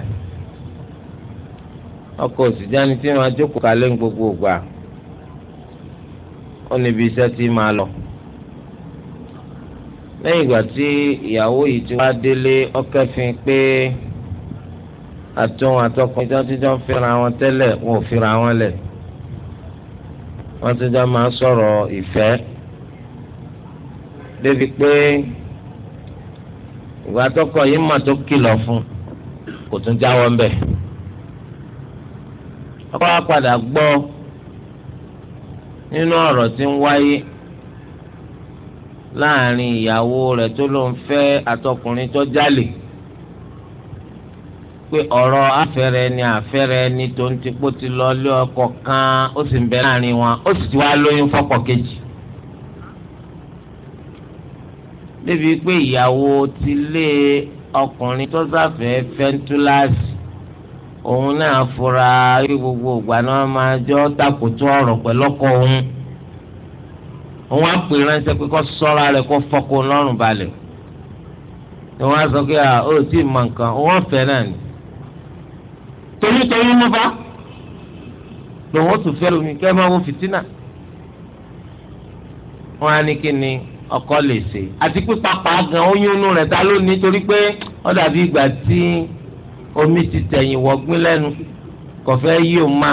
ọkọ òsìjáni tí wọn á jókòó kalẹ̀ ń gbogbo gbà ó níbi iṣẹ́ tí máa lọ lẹ́yìn ìgbà tí ìyàwó yìí ti wá délé ọkẹ́fin pé àtún àtọkùnrin tó ti jọ ń fira wọn tẹ́lẹ̀ wọn ò fira wọn lẹ̀ wọ́n ti jọ máa ń sọ̀rọ̀ ìfẹ́ débi pé ìgbà tọkọ yìí mà tó kìlọ̀ fún kò tún jáwọ́ ń bẹ̀ ọkọ wa padà gbọ́ nínú ọ̀rọ̀ tí ń wáyé láàrin ìyàwó rẹ̀ tó ló ń fẹ́ àtọkùnrin tó jálè pé ọ̀rọ̀ afẹ́rẹ́ ni afẹ́rẹ́ ni tó ń tipó ti lọ lé ọkọ kan ó sì ń bẹ láàrin wọn ó sì ti wá lóyún fọ́kọ kejì. débi pé ìyàwó ti lé ọkùnrin tó sáfẹ́ fẹ́ńtúláàsì òun náà fura gbogbo ìgbà náà máa jọ takòtò ọ̀rọ̀ pẹ̀lọ́kọ òun wọn á pè ránṣẹ́ pé kó sọ́ra rẹ̀ kó fọkọ lọ́rùn balẹ̀ ni wọn á sọ pé à ó tí ì mọ nǹkan wọn fẹ́ náà ni toyúntoyún mú bá lòun ó tún fẹ́ lómi kẹ́ máa wo fìtínà wọn á ní kí ni ọkọ lè ṣe àti pé pàpà oyún inú rẹ̀ ta ló torí pé ó dàbí ìgbà tí omi ti tẹ̀yìn wọ́gbìn lẹ́nu kò fẹ́ yí òun má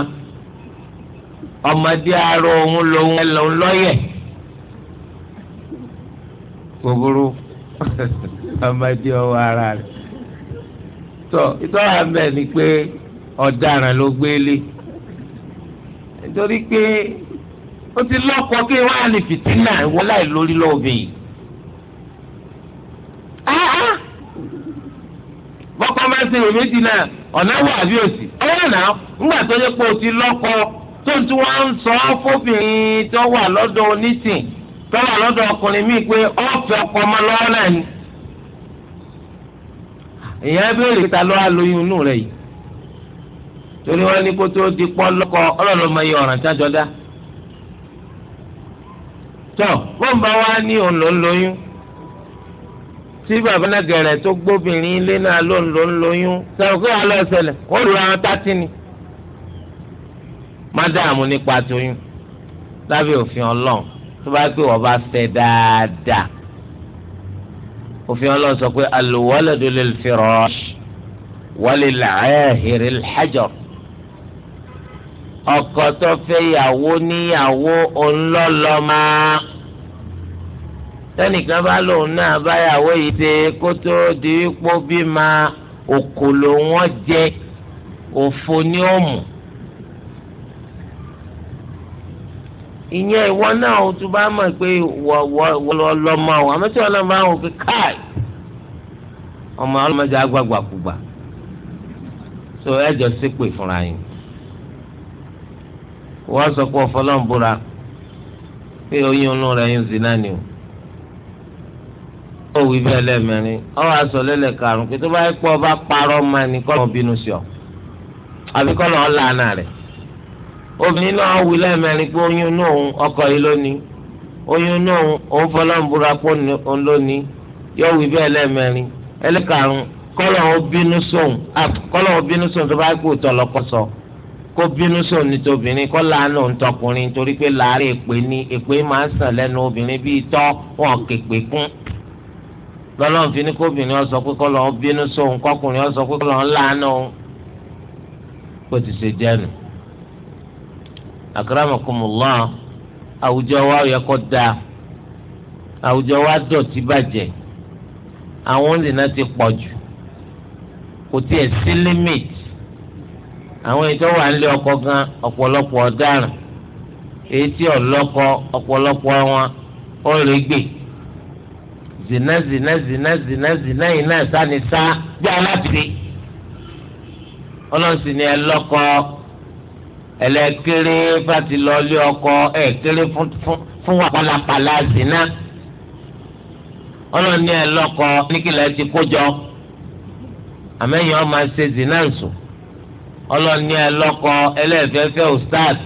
ọmọdé arọ òun lòun ẹ lòun lọ́yẹ̀. kòkòrò amadi ọwụwa ara rẹ̀ tọ itọ mẹ́ ni pé ọ̀daràn ló gbélé nítorí pé ó ti lọ́kọ kí wọ́n á lè fìtínà ìwọ láì lórí lọ́ọ̀bìn yìí. bọ́kọ máa ń sèrè méjì ọ̀nà wà àbí òsì ọ̀nà náà tó yẹ ti tó sọ tọ́wà lọ́dọ̀ ọkùnrin míì pé ọ̀fẹ́ ọkọ ọmọ lọ́wọ́ náà ni. èèyàn béèrè kíta ló wá lóyún inú rẹ̀ yìí torí wọn ní kó tó di pọ́ lọ́kọ ọlọ́run ọmọ yìí ọ̀ràn tájọ dá. tọ́ bọ́ǹbà wa ní òun tí bàbá náà gẹ̀rẹ̀ tó gbóbìnrin ilé náà ló ń lò ń lóyún sẹ́wọ̀n kí ó lu àwọn tátí ni. má nípa tóyún lábẹ́ òfin ọlọ́run tó bá gbé wọn bá fẹ́ dáadáa òfin Ọlọ́run sọ pé al-waladu lil-firash walil-'ahiri al-hajar ọkọ tó fẹ́ yàwó níyàwó ńlọ́lọ́mà tẹnìkan bá lòun náà báyàwó yìí dé kó tó di ipò bímọ òkòlò wọn jẹ òfò ní òmù. ìyẹn ìwọ náà o tún bá mọ̀ pé wọ́ wọ́ lọ́mọ o àmọ́ tí wọ́n náà bá wọn ọmọ ọlọ́mọdé agbàgbà so ẹjọ́ ṣépè fúnra yín wọ́n sọ pé ọ̀fọlọ́ǹbúra pé oyún inú rẹ̀ sí náà ni o ó wí sọ lẹ́lẹ̀ parọ́ kọ́ ọ àbíkọ́ lọ́ọ́ lánàá obìnrin náà wí lẹ́ẹ̀mẹ́rin pé oyún náà ọkọ yìí lónìí oyún náà òun fọlọ́nbúra pé lónìí yóò wí bẹ́ẹ̀ lẹ́ẹ̀mẹ́rin ẹlẹ́karùn kọ́lọ̀ ó bínú sóun kọ́lọ̀ ó bínú sóun tó bá kú tọ̀ lọ́kọ́sọ kó bínú sóun ní kọ́ torí pé èpè ni èpè máa ń sàn lẹ́nu obìnrin bíi tọ́ wọn képe kún lọ́lọ́run fi ní kóbìnrin ọ̀sọ́ pé kọ́lọ̀ bínú akramakumullah àwùjọ wa yẹ kó dáa wa dọ̀tí bàjẹ́ awon olùdènà ti pọ̀ kò tiẹ̀ sí limit àwọn ètò wà nílé ọkọ gan ọ̀pọ̀lọpọ̀ ọ̀daràn èyí tí ọ̀lọ́kọ wọn ọ̀rẹ́gbẹ̀ zina zina zina zina zina yìí náà sani sá bí ni ẹlẹ́kẹ́rẹ́ bá ti lọ lé ọkọ ẹ̀kẹ́rẹ́ fún wa pàlàpàlà zina ọlọ́ni ẹ̀ lọ́kọ níkìlẹ̀ ti kójọ àmẹ́yìn ọmọ ṣe zina nsọ ọlọ́ni ẹ̀ lọ́kọ ẹlẹ́fẹ́fẹ́ ustaz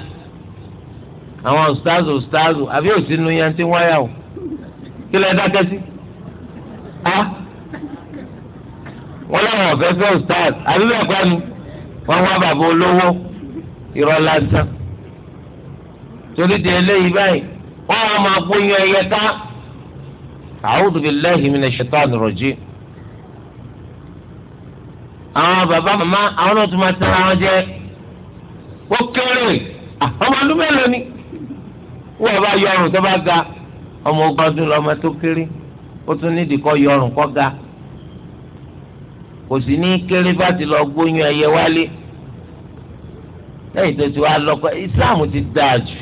àwọn ustaz ustaz àbí òsínú yẹn ti wáyà o kí lẹ́ dákẹ́ sí a wọ́n láwọn ọ̀fẹ́fẹ́ ustaz àbí bẹ́ẹ̀ kọ́ ni wọ́n wá bàbá olówó irọ́ lásán torí di eléyìí báyìí wọ́n á máa gbóyún ẹyẹ ká a'udhu billahi minash shaitani rajim àwọn bàbá màmá àwọn náà tún máa tẹ àwọn jẹ ó kéré ah, ọmọ ọdún mélòó ni wọ́n bá yọrùn tó bá ga ọmọ ogún ọdún lọ́mọ tó kéré ó tún nídìí kọ́ yọrùn kọ́ ga kò sí ní kéré bá ti lọ gbóyún ẹyẹ wálé lẹ́yìn tó ti wá lọ́kọ islam ti dáa jù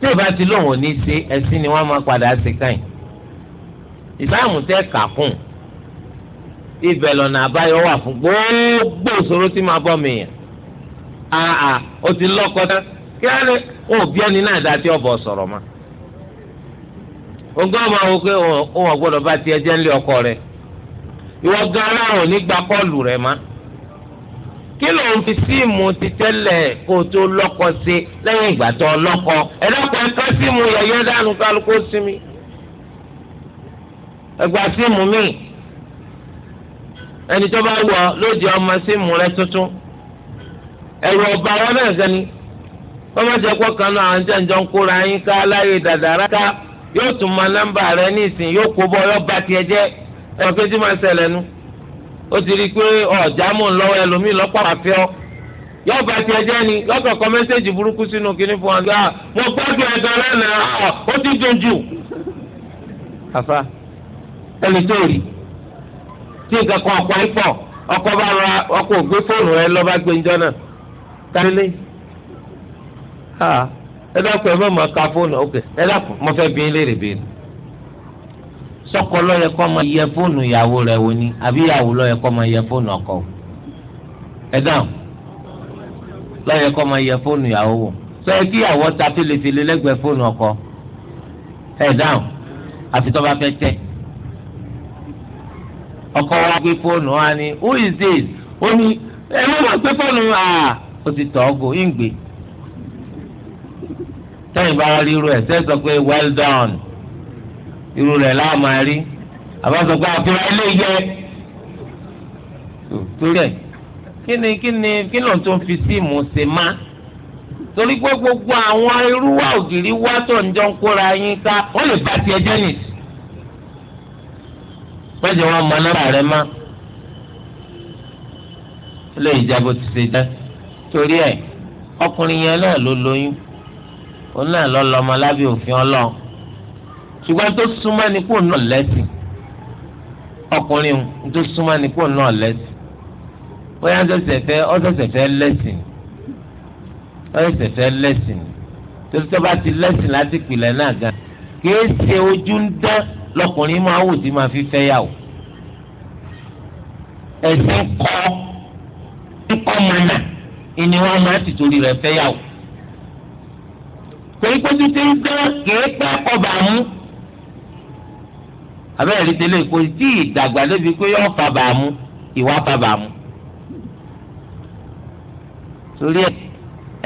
tí ìbá ti lóun ò ní sí ẹ̀sìn ni wọ́n máa padà ṣe káyìn islam tẹ́ kàkún ibẹ̀ lọ́nà àbáyọ wà fún gbogbo ìṣòro tí máa bọ́ mi yàn àà o ti lọ́kọ tán kí á lè wọn ò ẹni náà dá tí ọ̀bọ̀ sọ̀rọ̀ ma ogún ọmọ àwọn pé wọn ò gbọ́dọ̀ bá tiẹ̀ jẹ́ ńlẹ̀ ọkọ rẹ ìwọ gan aláwọ̀ nígbà kọ́ọ̀lù rẹ máa. kí ló ń fi síìmù ti tẹ́lẹ̀ kó tó lọ́kọ sí lẹ́yìn ìgbà tó lọ́kọ ẹ̀dọ́kọ̀ ẹ̀ka síìmù kálukú sí ẹgbà síìmù mi ẹni tó bá wọ lóde ọmọ síìmù rẹ tuntun ẹ̀rù ọba wọn náà sẹ́ni kan náà àwọn jẹ́njọ́ ń kóra yín ká láyé dàdàrà ká yóò tún nọ́mbà rẹ ní ìsìn yóò kó bọ́ yọ bá tiẹ̀ jẹ́ ó ti rí i pé ọ̀já mò ń lọ́wọ́ ẹlòmíì lọ́pọ̀ àfẹ́ ọ́ yóò bá tiẹ̀ jẹ́ ni mẹ́sẹ́jì burúkú sínú kínní fún wa mo gbádùn ẹ̀dọ̀ lẹ́nà ó ti dùn jù. àfa ẹni tó rí tí nǹkan kan ọ̀pọ̀ ẹ̀fọ́ ọkọ̀ bá ra ọkọ̀ ògbé fóònù rẹ ẹ dákun ẹ fóònù ọkẹ ẹ sọ́kọ lọ́yẹ kọ́ máa yẹ fóònù ìyàwó rẹ̀ wò ni àbí ìyàwó lọ́yẹ kọ́ máa yẹ fóònù ọkọ wò ẹ dáhùn lọ́yẹ kọ́ máa yẹ fóònù ìyàwó wò sọ́yẹ kí ìyàwó ta fèlèfèlè lẹ́gbẹ̀ẹ́ fóònù ọkọ ẹ àfi tó fẹ́ tẹ́ ọkọ wa gbé fóònù wa ni who is this ó ní ẹ ló máa gbé fóònù à ó ti tọ́ ọgò ń tẹ́yìn bá rí irú ẹ̀ sẹ́ sọ pé well done irú rẹ̀ láàmú àárí àbáṣọ pé àfihàn ilé yẹ torí ẹ̀ kí ni kí ni kí lóun tó ń fi síìmù ṣe má torí pé gbogbo àwọn irú wa ògiri wá tó ń jọ ń kóra yín ká wọ́n lè bá tiẹ̀ jẹ́ nìyí pẹ́jọ wọn mọ náírà rẹ má lè ìjábọ̀ ti ṣe jẹ́ torí ẹ̀ ọkùnrin yẹn náà ló lóyún òun náà lọ́ lọ́mọ lábẹ́ òfin ọlọ́run ṣùgbọ́n tó súnmọ́ ni kò náà lẹ́sìn ọkùnrin tó súnmọ́ ni kò náà lẹ́sìn bóyá ọ̀sẹ̀sẹ̀ fẹ́ ọ̀sẹ̀sẹ̀ fẹ́ lẹ́sìn ọ̀sẹ̀sẹ̀ fẹ́ lẹ́sìn torí tó bá ti lẹ́sìn láti pìlẹ̀ náà gan kìí ṣe ojú ń dán lọkùnrin máa wò tí máa fi fẹ́ yà wò ẹ̀sìn kọ́ ńkọ́ mọ́nà ìní wọn máa ti torí rẹ̀ fẹ́ yà wò torí pé títí ń dán kìí pẹ́ kọ́ bàmú abẹ́rẹ́ rí tẹ́lẹ̀ kò tí ì dàgbà débi pé yọ fa bàámu ìwà fa bàámu. torí ẹ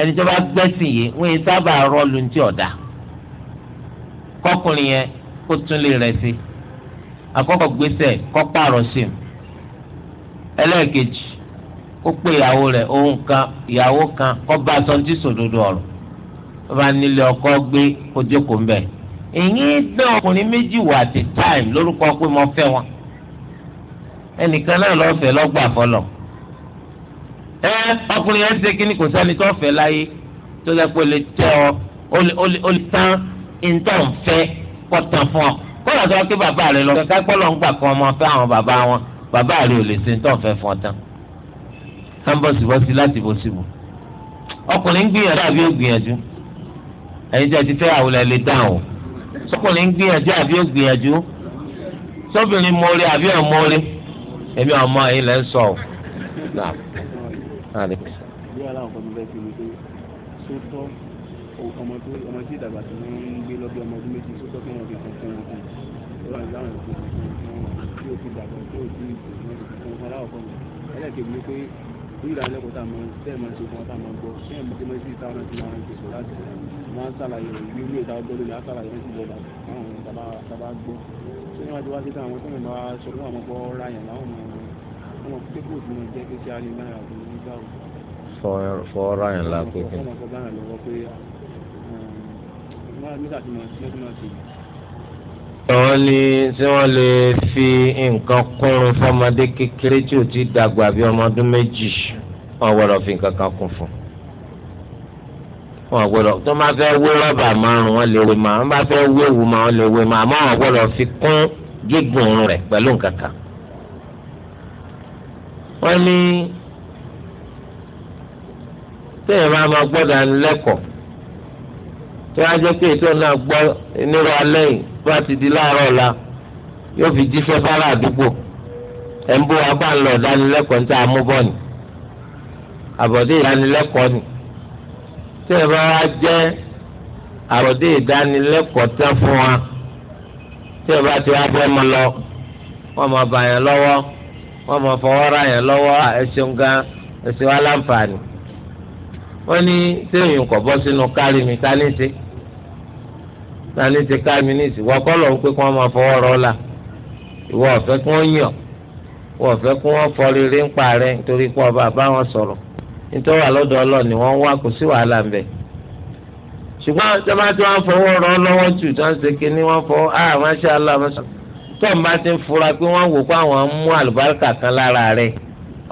ẹni tó bá gbẹ́sìn yìí wọ́n yìí sábà rọ́ọ̀lù ní ti ọ̀dà kọkùnrin yẹn kó tún lè rẹ̀ sí àkọ́kọ́ gbèsè kọ́ pààrọ̀ sí i ẹlẹ́ẹ̀kejì ó pé ìyàwó rẹ̀ òun kan ìyàwó kan kọ́ bá aṣọ ní ti sòdodo ọ̀rọ̀ tó bá nílé ọkọ gbé kó jókòó ń bẹ̀ẹ́ èyí dá ọkùnrin méjì wà the time lórúkọ pé mo fẹ́ wọn ẹnìkan náà lọ́fẹ̀ẹ́ lọ́gbà fọlọ́ ẹ ọkùnrin yẹn ṣe kíni kò sẹ́ni tó fẹ́ láyé tó lẹ́ pé ó lè tẹ́ ọ ó lè tán ìtàn fẹ́ kọ́ tán fún ọ kọ́lá tó wá pé bàbá rẹ lọ kẹ́kẹ́ pọ́ lọ́n gbà kan ọmọ fẹ́ àwọn bàbá wọn bàbá rẹ ò lè ṣe ìtàn fẹ́ fún ọ tán ká ń bọ̀ síbọ̀sí láti bọ̀ síbò ọkùnrin gbìyànjú àbí ó ẹ̀yin tí a ti fẹ́ àwòlẹ̀ lè dáhùn sọkùnrin ń gbìyànjú àbí ó gbìyànjú sọbìnrin mọ́rí àbí ọ̀mọ́rí èmi ọmọ yìí lẹ́ ń sọ ọ́ náà. bí aláwọ̀ kan tó fẹ́ fi ni pé sótọ́ ọmọ tó ọmọ tí ìdàgbà tó ń gbé lọ́bí ọmọ ọdún méjì sótọ́ kí wọ́n fi kàn fún wọn kàn lọ́wọ́ ní láwọn ìfọ̀kàn fún wọn tí ó fi dàgbà tó ò tí ì ìrà lẹ́kọ̀ọ́ tá a máa bẹ́ẹ̀ máa ṣe fún wa tá a máa gbọ́ bẹ́ẹ̀ mo máa ṣe ìtara ti máa ń ṣe láti máa ń ṣàlàyé ìlú ìlú ìta ọgbọ́n lónìí àṣàlàyé ní ìjọba àwọn bàbá gbọ́ ṣé wọ́n wá sí táwọn tó ń bá sọ fún àwọn gbọ́ ráyàn láwọn ọmọ pé kò tún jẹ́ pé kí a lè náírà tó ní gbà fọ́ ráyàn la àwọn ní tí wọ́n lè fi nǹkan kúnrun fọmọdé kékeré tí ò ti dàgbà bí ọmọ ọdún méjì wọ́n gbọ́dọ̀ fi nǹkan kan kún fún wọ́n gbọ́dọ̀ tó máa fẹ́ wé rọ́bà márùn wọ́n lè wé ma wọ́n bá fẹ́ wé ewu ma wọ́n lè wé ma àmọ́ wọ́n gbọ́dọ̀ fi kún gígùn rẹ̀ pẹ̀lú nǹkan kan wọ́n ní téèyàn máa ma gbọ́dọ̀ lẹ́kọ̀ọ́ bí wọ́n á jẹ́ pé ètò náà gbọ́ nírọ̀ alẹ́ yìí bá ti di láàárọ̀ ọ̀la yóò fi jíṣẹ́ fara àdúgbò ẹ̀ ń bó wa bá ń lọ ìdánilẹ́kọ̀ọ́ níta amúbọ̀ ni àbọ̀dé ìdánilẹ́kọ̀ọ́ ni tí ẹ bá wá jẹ́ àròdé ìdánilẹ́kọ̀ọ́ tán fún wa tí ẹ bá ti wá bọ́ ọmọ lọ wọ́n máa bà yẹn lọ́wọ́ wọ́n máa fọwọ́ ra yẹn lọ́wọ́ ẹ̀sìn gan ẹ̀sìn wa láǹfààní wọ́n ní sẹ́yìn kọ̀ bọ́ sínú kárí mi ká ní í sani ti ká mi níìsì wọ́n kọ́ lọ́n pé kí wọ́n máa fọwọ́ rọ́ la ìwọ ọ̀fẹ́ kí wọ́n yàn wọ́n ọ̀fẹ́ kí wọ́n fọ rere ń pa rẹ nítorí pé ọba àbá wọn sọ̀rọ̀ nítorí àlọ́dọ̀ ọlọ́ọ̀ni wọ́n wá kò sí wàhálà ńbẹ. ṣùgbọ́n tí wọ́n ti wọ́n fọwọ́ rọ́ lọ́wọ́ jù tí wọ́n ṣe kíní wọ́n fọ ah masha allah masha tó ń bá ti ń fura pé wọ́n wò pé àwọn mú àlùbáríkà kan lára rẹ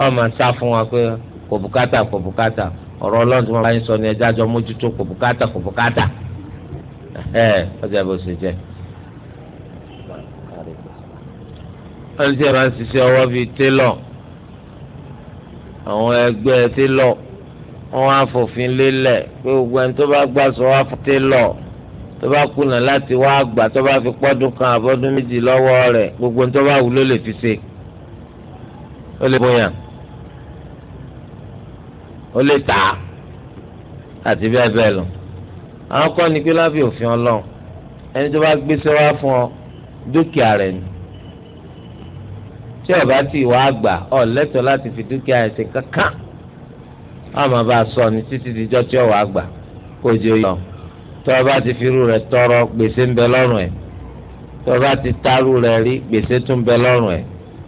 ọmọ sá fún wọn pé kò bùkátà kò bùkátà ọ̀rọ̀ ọlọ́run tí wọ́n bá ń sọ ni ẹjá jọ mójútó kò bùkátà kò bùkátà. Eh, ọjà bó ṣe jẹ. wọ́n ti máa ń ṣiṣẹ́ ọwọ́ bíi télọ̀ àwọn ẹgbẹ́ télọ̀ wọ́n á fòfin lélẹ̀ pé gbogbo ẹni tó bá gbà sọ wá fún télọ̀ tó bá kùnà láti wá àgbà tó bá fi pọ́dún kan àbọ́dún méjì lọ́wọ́ rẹ̀ gbogbo ẹni tó bá wù ló lè fi ṣe ó lè bóyá ó lè tà á àti bẹ́ẹ̀ bẹ́ẹ̀ lọ àwọn kọ́ ni pé lábẹ́ òfin ọlọ́run ẹni tó bá gbéṣẹ́ wá fún ọ dúkìá rẹ̀ ni tí ọba tí ìwà àgbà ọ lẹ́tọ̀ọ́ láti fi dúkìá ẹ̀sìn kankan àmọ́ bá a sọ ní títí dijọ́ tí ọwọ́ àgbà kò jẹ́ oyè ọ tí ọba ti fi irú rẹ̀ tọrọ gbèsè ń bẹ lọ́rùn ẹ̀ tí ọba ti tarú rẹ̀ rí gbèsè tún bẹ lọ́rùn ẹ̀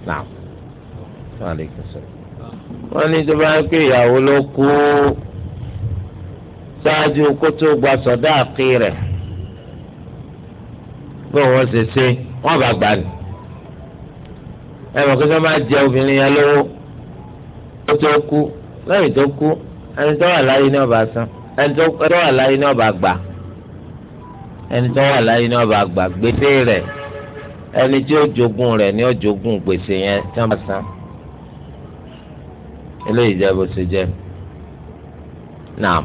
náà wọ́n ní tó bá ń pè ìyàwó ló kú ṣáájú kó tó gba sọ̀dá àkí rẹ̀ bí wọ́n ṣe ṣe wọ́n bá gbà ní. ẹ mọ̀ kí wọ́n máa jẹ obìnrin yẹn lówó kó tó kú lẹ́yìn tó kú ẹni tó wà láyé ní ọba san ẹni tó wà láyé ní ọba gbà ẹni tó wà láyé ní ọba gbà gbèsè rẹ̀ ẹni tí ó jogún rẹ̀ ni ó gbèsè yẹn tí wọ́n bá san. eléyìí jẹ́ bó ṣe jẹ́ naam.